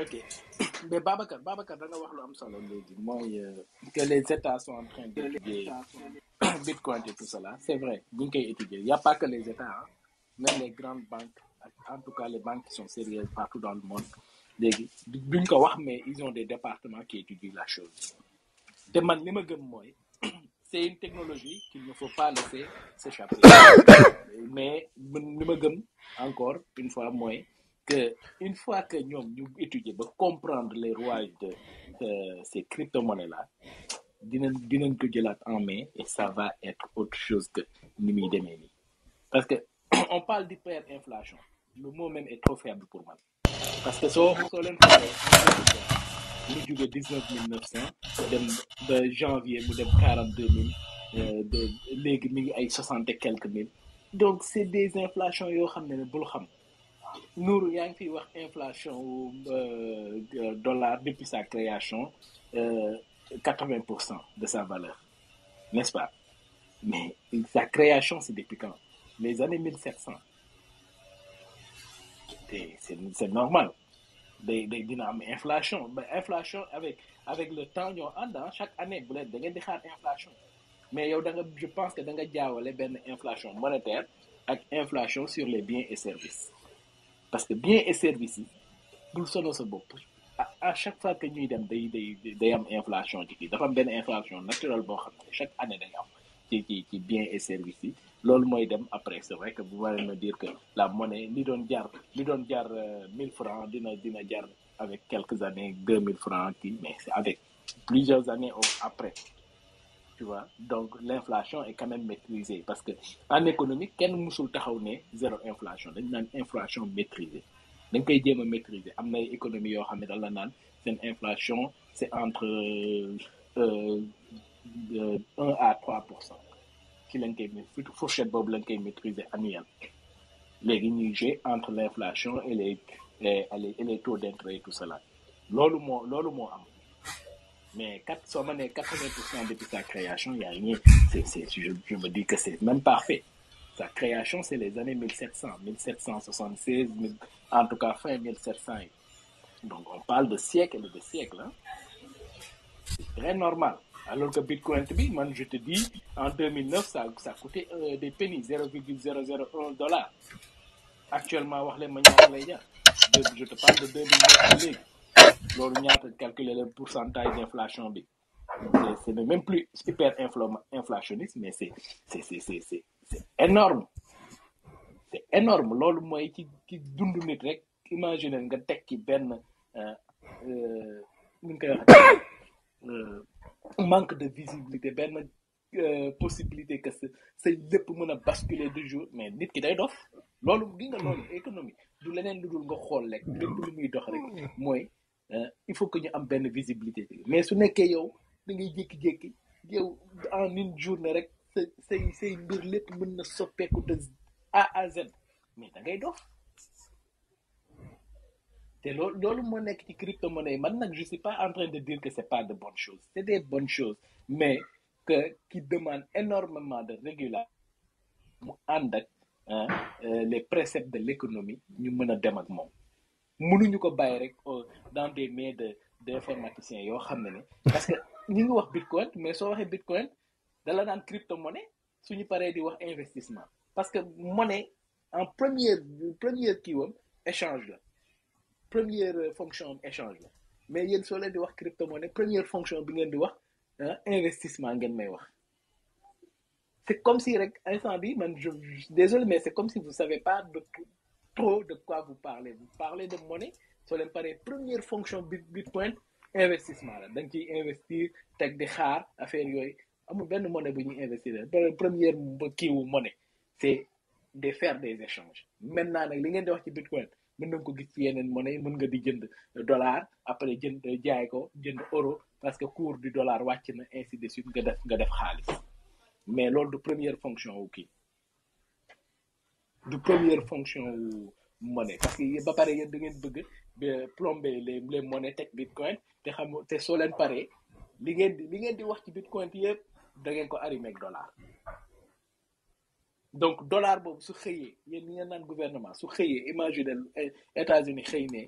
ok mais Babacar Babacar da wax lu am solo léegi mooy euh, que les états sont en train d'étudier Bitcoin et tout cela c' est vrai ñu ngi koy étudier y' a pas que les états même les grandes banques ak en tout cas les banques qui sont sérieuses partout dans le monde léegi duñ ko wax mais ils ont des départements qui étudient la chose te man li ma gëm mooy est une technologie qu'il ne faut pas laisser s'échapper mais li ma gëm encore une fois mooy que une fois que ñoom ñu étudier ba comprendre les rouages de euh, ces cryptomonnaies la dina dinañ ko jëlaat en main et ça va être autre chose que ni muy demee parce que on parle inflation le mot même est trop faible pour man parce que so soo leen xoolee mu jóge dix neuf mille neuf cent dem ba janvier mu dem quarante deux mille euh, ngi ay soixante et quelques donc c'est des inflations yoo xam ne ne bul xam Nourou yaa ngi fiy wax inflation wu euh, dollar depuis sa création euh, quatre-vingts pour cent de sa valeur n'est-ce pas mais sa création c'est depuis quand les années mille sept cent c'est normal day day dina am inflation mais inflation avec avec le temps ñoo ànd ah, chaque année bu leen da ngeen di xaar inflation mais yow da nga je pense que da nga jaawale benn inflation monétaire ak inflation sur les biens et services parce que biens et services yi bul solo sa bopp a chaque fois que ñuy dem day day day am inflation ci kii dafa am benn inflation naturelle boo xam ne chaque année day am ci ci bien biens et yi loolu mooy dem après c'est vrai que vous allez me dire que la monnaie li doon jar li doon jar euh, mille francs dina dina jar avec quelques années deux mille francs kii mais c'est avec plusieurs années après tu vois donc l'inflation est quand même maîtrisée parce que en économie kenn musul taxaw ne zéro inflation dañ naan inflation maîtrisée dañ koy jéem a maîtriser am na économie yoo xam ne dañ la naan seen inflation c'est entre euh, euh, un à trois pour cent ci lañ koy fourchette boobu lañ koy maîtriser annuelle léegi ñuy jouer entre l'inflation et les et les taux d'intérêt et tout loolu moo loolu moo am mais quatre, soit monnaie 80% depuis sa création, il n'y a rien. C est, c est, je, je, me dis que c'est même parfait. Sa création, c'est les années 1700, 1776, en tout cas fin 1700. Donc on parle de siècles et de siècles. Hein. C'est très normal. Alors que Bitcoin, man, je te dis, en 2009, ça, ça coûtait euh, des pennies, 0,001 dollar. Actuellement, je te parle de 2009 loolu ñaata calculer le pourcentage d'inflation bi c'est même plus hyper inflationniste mais c'est c'est c'est c'est c'est c'est énorme c'est énorme loolu mooy ci ci dund nit rek imaginer nga teg ci benn euh, euh, nu ñu koy euh, manque de visibilité benn possibilité que sa sa lépp mën a basculer du jour mais nit ki day dox loolu gi nga loolu économie du leneen lu dul nga xool rek lépp lu muy dox rek mooy Euh, il faut que ñu am benn visibilité mais su nekkee yow da ngay jékki-jékki yow en une journée rek sa say mbir lépp mën na soppeeku de A à Z mais da ngay dof te loolu loolu moo nekk ci crypto monnaie man nag je suis pas en train de dire que c'est pas de bonnes choses c'est des bonnes choses mais que qui demande énormément de régulation mu ànd ak euh, les préceptes de l'économie ñu mën a dem ak moom mënuñu ko bàyyi rek euh, dans des mains de d'informaticiens yoo xam ne ne parce que ñu ngi wax bitcoin mais soo waxee bitcoin dala naan crypto monnaie suñu paree di wax investissement parce que monnaie en première première kiiwam échange la première euh, fonction am échange la mais yéen soo leen di wax crypto monnaie première fonction bi ngeen di wax investissement ngeen may wax c'est comme si rek instant bi man je désolé mais c'est comme si vous savez pas de taux de quoi vous parlez vous parlez de monnaie soo leen paree première fonction bi bi point investissement la dañ nga investir teg di xaar affaire yooyu amu benn monnaie bu ñuy investir la première kiiwu monnaie c'est de faire des échanges maintenant nag li ngeen di wax ci bitcoin mën nañ ko gis ci yeneen monnaie mën nga di jënd dollar après jënd jaay ko jënd euro parce que cours du dollar wàcc na ainsi de suite nga def nga def xaalis mais loolu du première fonction u kii du première fonction wu monnaie parce que ba pare yéen da ngeen bëgg ba plomber les les monnaies teg bitcoin te xam te soo leen pare li ngeen di li ngeen di wax ci bitcoin yëpp da ngeen ko arrimer ak dollar donc dollar boobu su xëyee yéen ngeen naan gouvernement su xëyee imagine eh, États-Unis xëy ne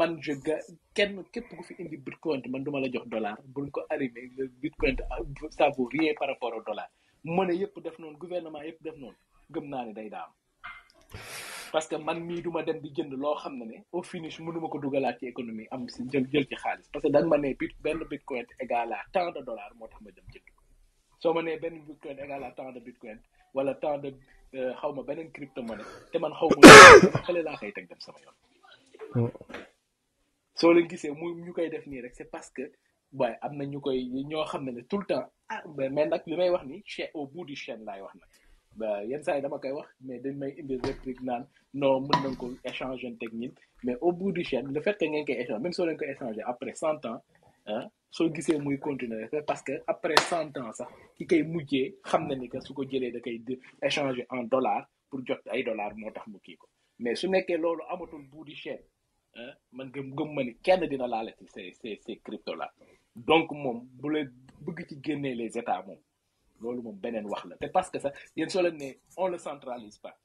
man je ga kenn képp ku fi indi bitcoin man duma la jox dollar buñ ko arrimer le bitcoin ah, ça vaut rien par rapport au dollar monnaie yëpp def noonu gouvernement yëpp def noonu gëm naa ne day daam parce que man mii duma dem di jënd loo xam ne ne au finish mënuma ko dugalaat ci économie am jël jël ci xaalis parce que dañ ma ne bit benn bitcoin égal à tant de dollars moo tax ma jëm jënd soo ma nee benn bitcoin égal à tant de bitcoin wala tant de euh, xaw ma beneen cryptomonnaie te man xaw ma xale laa koy teg dem sama yoon. Hmm. soo leen gisee mu ñu koy def nii rek c'est parce que waaye am na ñu koy ñoo xam ne ne tout le temps ah mais may wax ni au bout du chaîne laay wax nag. yenn saa yi dama koy wax mais dañ may indi réplique naan non mën nañ ko échanger technique mais au bout du le fait que ngeen koy échanger même soo leen ko échanger après cent ans soo gisee muy continuer parce que après cent sax ki koy mujjee xam na ni que su ko jëlee da koy échanger en dollars pour jot ay dollars moo tax mu kii ko mais su nekkee loolu amatul bout du chaîne man gëm gëm ma kenn dina laale ci ces ces ces crypto là donc moom bu la bëgg ci génnee les états moom. loolu moom beneen wax la te parce que sax yéen soo ne on le centralise pas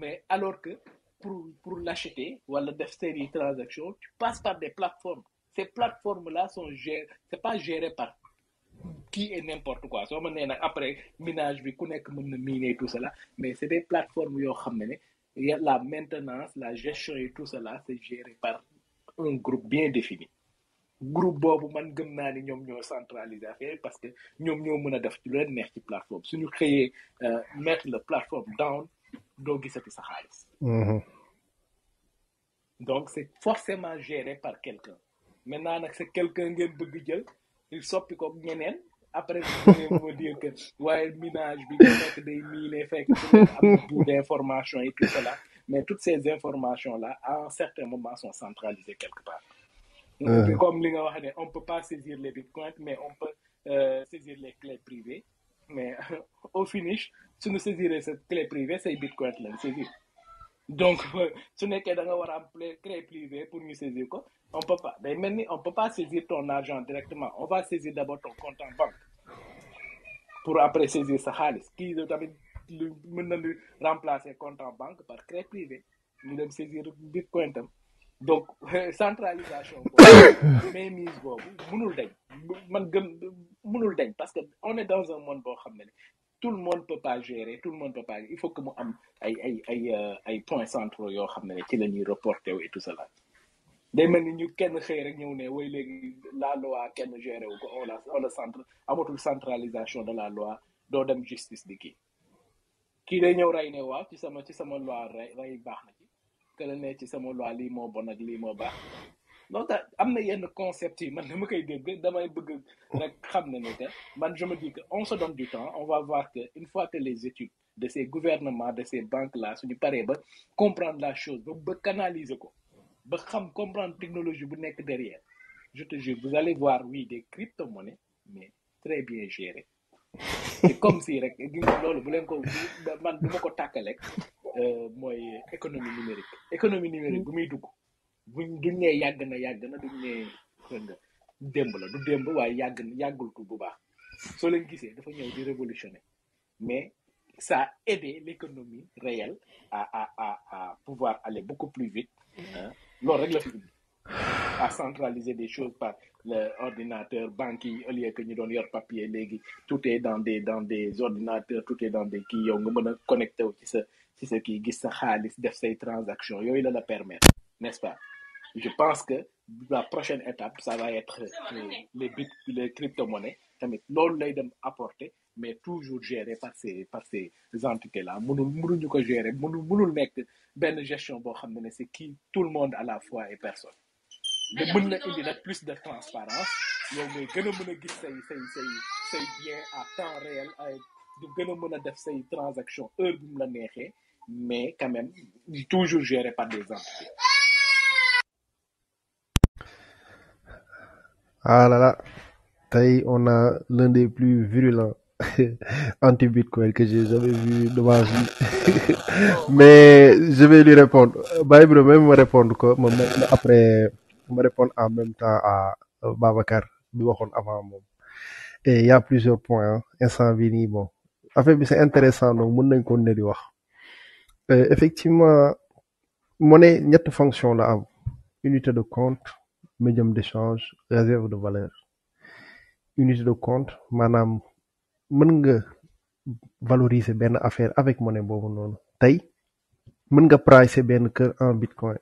mais alors que pour pour l'acheter wala def série transaction tu passes par des plateformes ces plateformes là sont gérées c'est pas géré par qui et n'importe quoi soo ma nee nag après minage bi ku nekk mën na miner tout cela mais c'est des plateformes yoo xam ne ne la maintenance la gestion et tout cela c'est géré par un groupe bien défini groupe boobu man gëm naa ni ñoom ñoo centraliser affaire parce que ñoom ñoo mën a def ci lu leen neex ci plateforme suñu xëyee euh, mettre la plateforme down doo gisati sa xaalis mm-hmm. donc c'est forcément géré par quelqu'un maintenant nag c'est quelqu'un ngeen bëgg jël soppi ko ñeneen après vous me dire que waaye minage bi nga fekk day miine fekk am bout d'information et tout cela mais toutes ces informations là à un certain sont centralisées quelque Euh. comme li nga wax ne on peut pas saisir les bitcoins mais on peut euh, saisir les clés privées mais au finish suñu saisiree sa clé privée say bitcoin lañ saisir donc su nekkee da nga war a am clé privée pour ñu saisir ko on peut pas day mel ni on peut pas saisir ton argent directement on va saisir d'abord ton compte en banque pour après saisir sa xaalis kii tamit lu mën na lu remplacer compte en banque par clé privée ñu dem saisir bitcoin tam donc centralisation boobu mais mise boobu mënul dañ man gëm mënul dañ parce que on est dans un monde boo xam ne tout le monde peut pas gérer tout le monde peut pas il faut que mu am ay ay ay euh, ay yoo xam ne ci la ñuy reporté wu et tout cela day mel ni ñu kenn xëy rek ñëw ne woy léegi la loi kenn géré wu ko on centre amatul centralisation de la loi doo dem justice di kii kii day ñëw rey ne waaw ci sama ci sama loi rey baax na këla ne ci sama loi lii moo bon ak lii moo baax loolu am na yenn concept yi man dama koy dégg damay bëgg rek xam na ne te man je me dis que on se donne du temps on va voir que une fois que les études de ces gouvernements de ces banques là suñu paree ba comprendre la chose ba ba canaliser ko ba xam comprendre technologie bu nekk derrière je te jure vous allez voir oui des crypto mais très bien gérées comme si rek loolu bu leen ko man du ma ko tàkk rek Euh, mooy économie numérique économie numérique bu muy dugg buñ duñ ne yàgg na yàgg na duñ ne nga démb la du démb waaye yàgg na yàggul ko bu baax soo leen gisee dafa ñëw di révolutionner mais sa a aidé l'économie réelle à à à à pouvoir aller beaucoup plus vite loolu rek la fi à centraliser des choses par l'ordinateur banque yi au lieu que ñu doon yor papier léegi tout est dans des dans des ordinateurs tout est dans des kii yow nga mën a connecté wu ci sa si sa kii gis sa xaalis def say transaction yooyu la la permettre n'est-ce pas je pense que la prochaine étape ça va être les bit les crypto tamit loolu lay dem apporter mais toujours géré par ces par ces entités là mënul mënuñu ko gérer mënul mënul nekk benn gestion boo xam ne ne c'est qui tout le monde à la fois et personne da mën na indi nag plus de transparence yow ngay gën a mën gis say say say say bien à temps réel du gën a a def say transaction heure bu mu la neexee mais quand même toujours géré par des entreprises. ah là là tey on a l'un des plus virulents anti-bitcoin que j'ai jamais vu de ma vie mais je vais lui répondre bàyyi bi même ma répondre après ma répondre en même temps à euh, Babacar bi waxoon avant moom et il a plusieurs points instant bii nii affaire bi c'est intéressant donc mën nañ ko ne di wax euh, effectivement monnaie ñett fonction la am unité de compte médium d'échange réserve de valeur unité de compte maanaam mën nga valoriser benn affaire avec monnaie boobu noonu tey mën nga pricer benn kër en bitcoin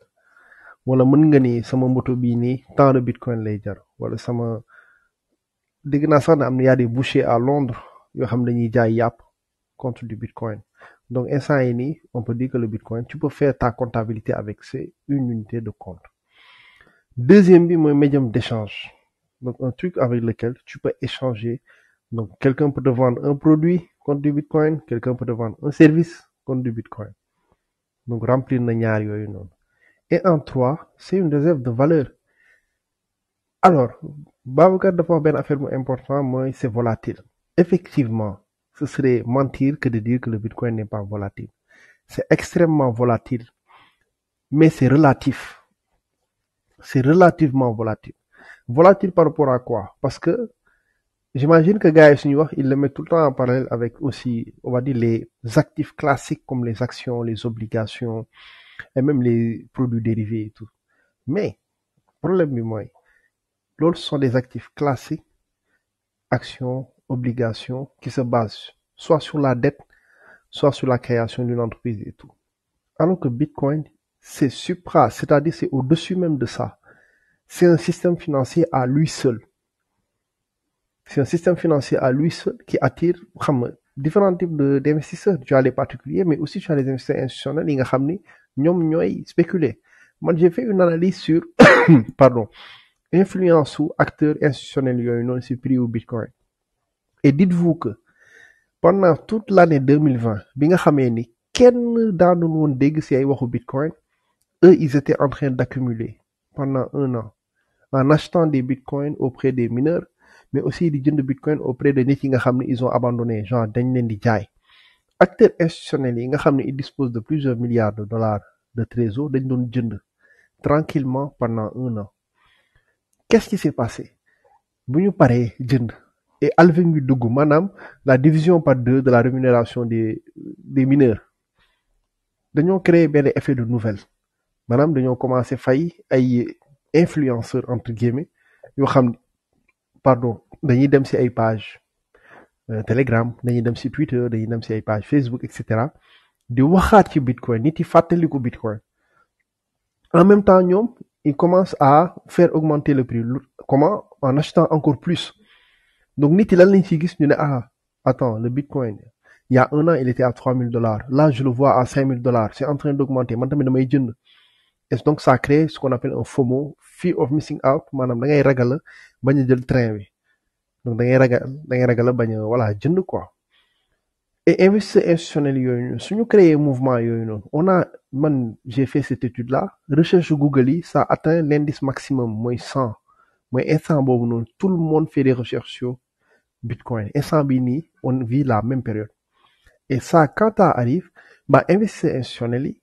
wala mën nga ni sama moto bii nii tant de bitcoin lay jar wala sama dégg naa sax ne am na y a des à Londres yoo xam dañuy jaay yàpp compte du Bitcoin. Donc, SANI, on peut dire que le Bitcoin, tu peux faire ta comptabilité avec c'est une unité de compte. Deuxième bi, moi, médium d'échange. Donc, un truc avec lequel tu peux échanger. Donc, quelqu'un peut te vendre un produit contre du Bitcoin, quelqu'un peut te vendre un service contre du Bitcoin. Donc, remplir na ñaar yoyu non. Et en trois, c'est une réserve de valeur. Alors, Babacar dafa wax affaire bu important mooy c'est volatile. Effectivement, ce serait mentir que de dire que le Bitcoin n'est pas volatile. C'est extrêmement volatile, mais c'est relatif. C'est relativement volatile. Volatile par rapport à quoi Parce que j'imagine que Guy Sunua, il le met tout le temps en parallèle avec aussi, on va dire, les actifs classiques comme les actions, les obligations, et même les produits dérivés et Mais, problème du moins, l'autre sont des actifs classiques, obligation qui se base soit sur la dette, soit sur la création d'une entreprise et tout. Alors que Bitcoin, c'est supra, c'est-à-dire c'est au-dessus même de ça. C'est un système financier à lui seul. C'est un système financier à lui seul qui attire xam, différents types d'investisseurs. Tu as les particuliers, mais aussi tu as les investisseurs institutionnels, ils ont ñom ñoy spéculer. Moi, j'ai fait une analyse sur, pardon, influence ou acteurs institutionnels, ils ont prix au Bitcoin. et dites-vous que pendant toute l'année 2020 bi nga xamee ni kenn daanu woon dégg ci ay waxu bitcoin eux ils étaient en train d'accumuler pendant un an en achetant des bitcoins auprès des mineurs mais aussi di jënd bitcoin auprès de nit yi nga xam ne ils ont abandonné genre dañ leen di jaay acteurs institutionnels yi nga xam ne ils disposent de plusieurs milliards de dollars de trésor dañ doon jënd tranquillement pendant un an qu'est-ce qui s'est passé bu ñu paree jënd et Alvin dugg maanaam la division par deux de la rémunération des des mineurs dañoo créer benn effet de nouvelle maanaam dañoo commencé fay ay influenceur entre guillemets yoo xam pardon dañuy dem si ay page euh, Telegram dañuy dem ci Twitter dañuy dem ci ay page Facebook et cetera di waxaat ci Bitcoin nit yi fàttaliku Bitcoin en même temps ñoom ils commencent à fair augmenter le prix comment en achetant encore plus Donc, nit yi lan lañ ciy gis ñu ne ah attends le bitcoin il y a un an il était à 3000 dollars là je le vois à 5000 dollars c'est en train d'augmenter man tamit damay jënd et donc ça crée ce qu'on appelle un FOMO fear of missing out maanaam da ngay ragal a bañ a jël train bi donc da ngay ragal da ngay ragal a bañ a voilà jënd quoi. et investisseurs institutionnels yooyu noonu suñu créer mouvement yooyu noonu on a man j'ai fait cette étude là recherche Google yi ça atteint l'indice maximum mooy 100 mooy instant boobu noonu tout le monde fait des recherches sur. Bitcoin instant bii nii on vit la même période et ça quand ça arrive ba investisseurs institutionnels yi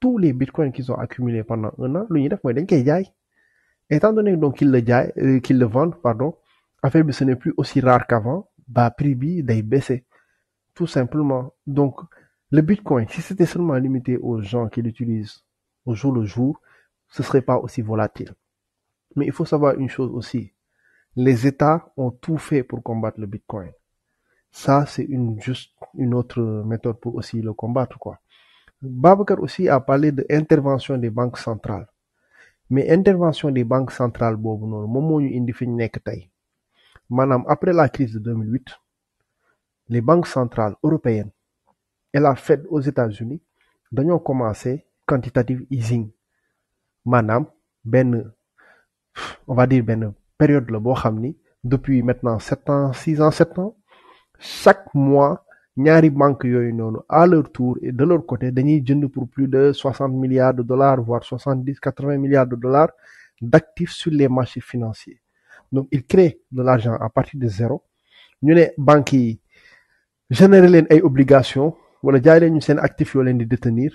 tous les bitcoins qu'ils ont accumulés pendant un an lu ñuy def mooy dañ koy jaay étant donné donc qu'ils le jaay euh, vendent pardon affaire bi ce n'est plus aussi rare qu'avant ba prix bi day baisser tout simplement donc le bitcoin si c'était seulement limité aux gens quil l'utilisent au jour le jour ce serait pas aussi volatile mais il faut savoir une chose Les États ont tout fait pour combattre le Bitcoin. Ça, c'est une juste une autre méthode pour aussi le combattre, quoi. Babacar aussi a parlé de intervention des banques centrales. mais intervention des banques centrales boobu noonu moom moo ñu indi fi ñu nekk tey maanaam après la crise de 2008 les banques centrales européennes et la Fed aux États-Unis dañoo commencé quantitative easing maanaam benn on va dire benn période la boo xam ni depuis maintenant sept ans six ans sept ans chaque mois ñaari banque yooyu noonu à leur tour et de leur côté dañuy jënd pour plus de soixante milliards de dollars voire soixante dix quatre vingt milliards de dollars d'actifs sur les marchés financiers donc ils créent de l'argent à partir de zéro ñu ne banques yi générer leen ay obligations wala jaay leen ñu seen actifs yoo leen di détenir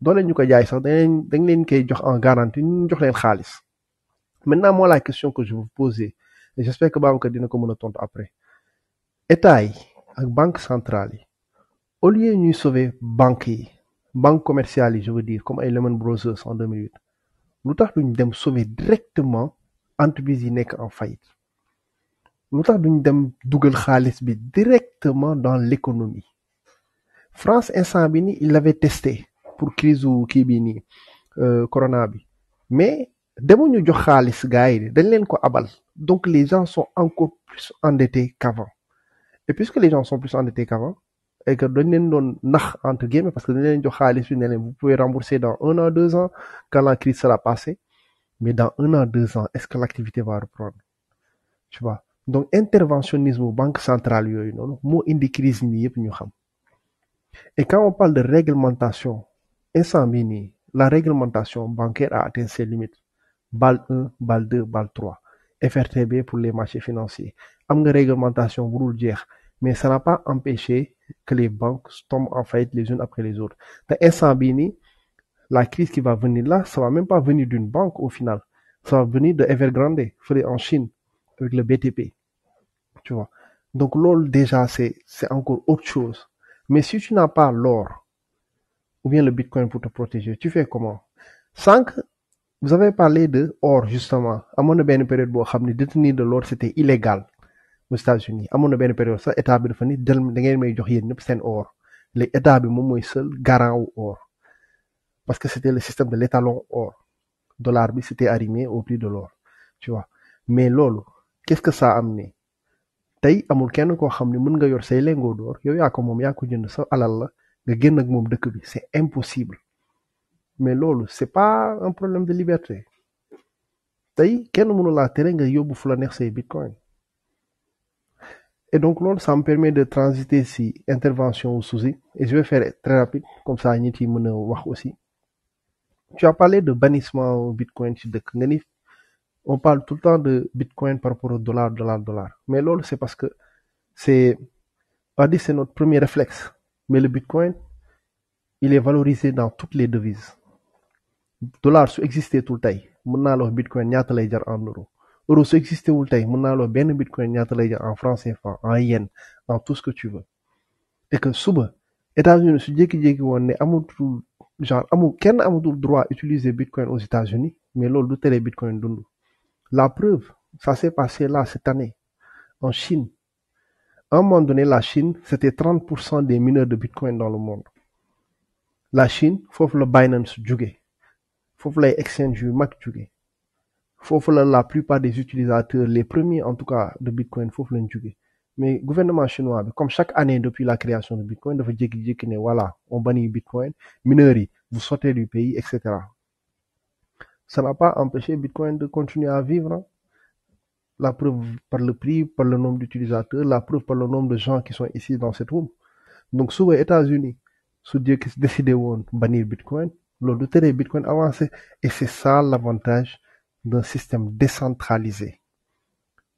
doo leen ñu ko jaay sax dañ leen dañ leen koy jox en garantie ñu jox leen xaalis maintenant moi la question que je vous poser et j'espère que Babacar dina ko mën a tontu après état yi ak banque centrale yi au lieu ñuy sauver banque yi banque commerciale yi je veux dire comme ay Lehman Brothers en 2008 lu tax du ñu dem sauver directement entreprise yi nekk en faillite lu tax duñ dem dugal xaalis bi directement dans l'économie France instant bi ni il l'avait testé pour crise u kii bii nii euh, corona bi ñu jox xaalis gars yi dañ leen ko abal donc les gens sont encore plus endettés qu'avant et puisque les gens sont plus endettés qu'avant et que dañ leen doon nax entre guillemets parce que dañ leen jox xaalis bi ne leen vous pouvez rembourser dans un an deux ans quand la crise sera passée mais dans un an deux ans est-ce que l'activité va reprendre tu donc interventionnisme banque centrale yooyu noonu moo indi crise nii yëpp ñu xam et quand on parle de réglementation instant nii la réglementation bancaire a atteint ses BAL 1 BAL 2 BAL 3 FRTB pour les marchés financiers am nga réglementation bu dul jeex mais ça n'a pas empêché que les banques tombent en faillite les unes après les autres te instant bii la crise qui va venir là ça va même pas venir d'une banque au final ça venir de Evergrande fële en Chine avec le BTP donc loolu déjà c'est c'est encore autre chose mais si tu n'as pas l'or ou bien le bitcoin pour te protéger tu fais comment sans vous avez parlé de or justement amoon na benn période boo xam ne détenir de l'or c'était illégal aux États-Unis amoon na benn période sax état bi dafa ni del da ngeen may jox yéen ñëpp seen or léegi état bi moom mooy seul garant wu or parce que c'était le système de l'étalon or dollar bi c'était arrimé au prix de l'or tu mais loolu qu'est-ce que ça am amené tey amul kenn koo xam ne mën nga yor say lingots d'or yow yaa ko moom yaa ko jënd sa alal la nga génn ak moom dëkk bi c'est mais loolu c'est pas un problème de liberté tey kenn mënu laa tere nga yóbbu fu la neex say bitcoin et donc loolu ça me permet de transiter si intervention wu Souzy et je vais faire très rapide comme ça ñit yi mën a wax aussi tu as parlé de bannissement bitcoin ci dëkk nga ni on parle tout le temps de bitcoin par rapport au dollar dollar dollar mais loolu c'est parce que c'est on dit c'est notre premier réflexe mais le bitcoin il est valorisé dans toutes les devises dollar su existé tul tey mun naa la wax bitcoin ñaata lay jar en euro euro su existé wul tey mun naa loo benn bitcoin ñaata lay jar en franc CFA en yen en tout ce que tu veux et que suba États-Unis su jékki-jékki woon ne amatul genre amul kenn amatul droit utiliser bitcoin aux États-Unis mais loolu du tere bitcoin dund la preuve ça s'est passé là cette année en Chine un moment donné la Chine c'était 30 pour cent des mineurs de bitcoin dans le monde la Chine foofu la su jóge foofu lay exchange yu mag jóge foofu la la plupart des utilisateurs les premiers en tout cas de bitcoin foofu lañ jóge mais gouvernement chinois bi comme chaque année depuis la création de bitcoin dafa jékki-jékki ne voilà on bannit bitcoin mineurs yi vous sortez du pays et cetera ça n'a pas empêché bitcoin de continuer à vivre la preuve par le prix par le nombre d'utilisateurs la preuve par le nombre de gens qui sont ici dans cette room donc suba États-Unis su jékki décidé woon bannir l'autre les bitcoins avancés. Et c'est ça l'avantage d'un système décentralisé.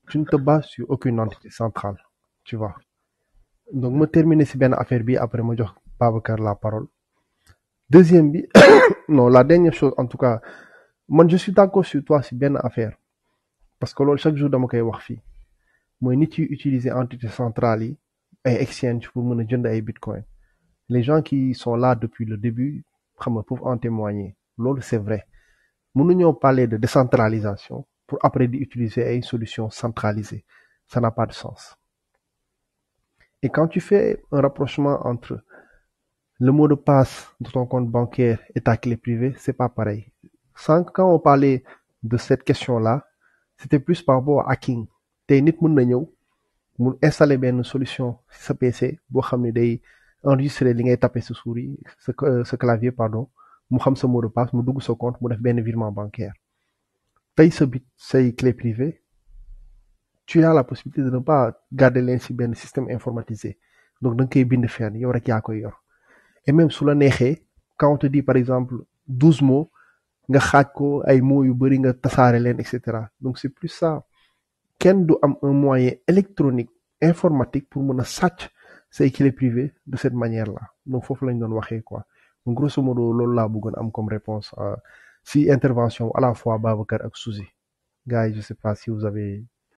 Tu ne te bases sur aucune entité centrale, tu vois. Donc, je terminer si bien affaire bi après je jox Babacar la parole. Deuxième bi, non, la dernière chose en tout cas, moi je suis d'accord sur toi si bien affaire. Parce que chaque jour dama koy wax fii mooy nit yi utiliser entité centrale yi ay exchange pour mën a jënd ay bitcoin. Les gens qui sont là depuis le début, xam nga pour en témoigner loolu c'est vrai mënuñoo parler de décentralisation pour après di utiliser ay solutions centralisées ça n'a pas de sens et quand tu fais un rapprochement entre le mot de passe de ton compte bancaire et ta clé c'est pas pareil sans que quand on parlait de cette question-là c'était plus par rapport à hacking tey nit mun na ñëw mun installer benn solution ci sa PC enregistré li ngay tapé sa souris sa sa clavier pardon mu xam sa mot de passe mu dugg sa compte mu def benn virement bancaire tey sa bit say clé privée tu as la possibilité de ne pas garder leen si benn système informatisé donc da nga koy bind fenn yow rek yaa koy yor et même su la neexee quand on par exemple douze mots nga xaaj ko ay mots yu bëri nga tasaare leen et cetera donc c'est plus ça kenn du am un moyen électronique informatique pour mën a sàcc c'est qu'il est privé de cette manière-là donc foofu lañ doon waxee quoi donc grosso modo loolu laa bëggoon am comme réponse euh, si intervention à la fois Babacar ak Souzy gars yi je sais pas si vous avez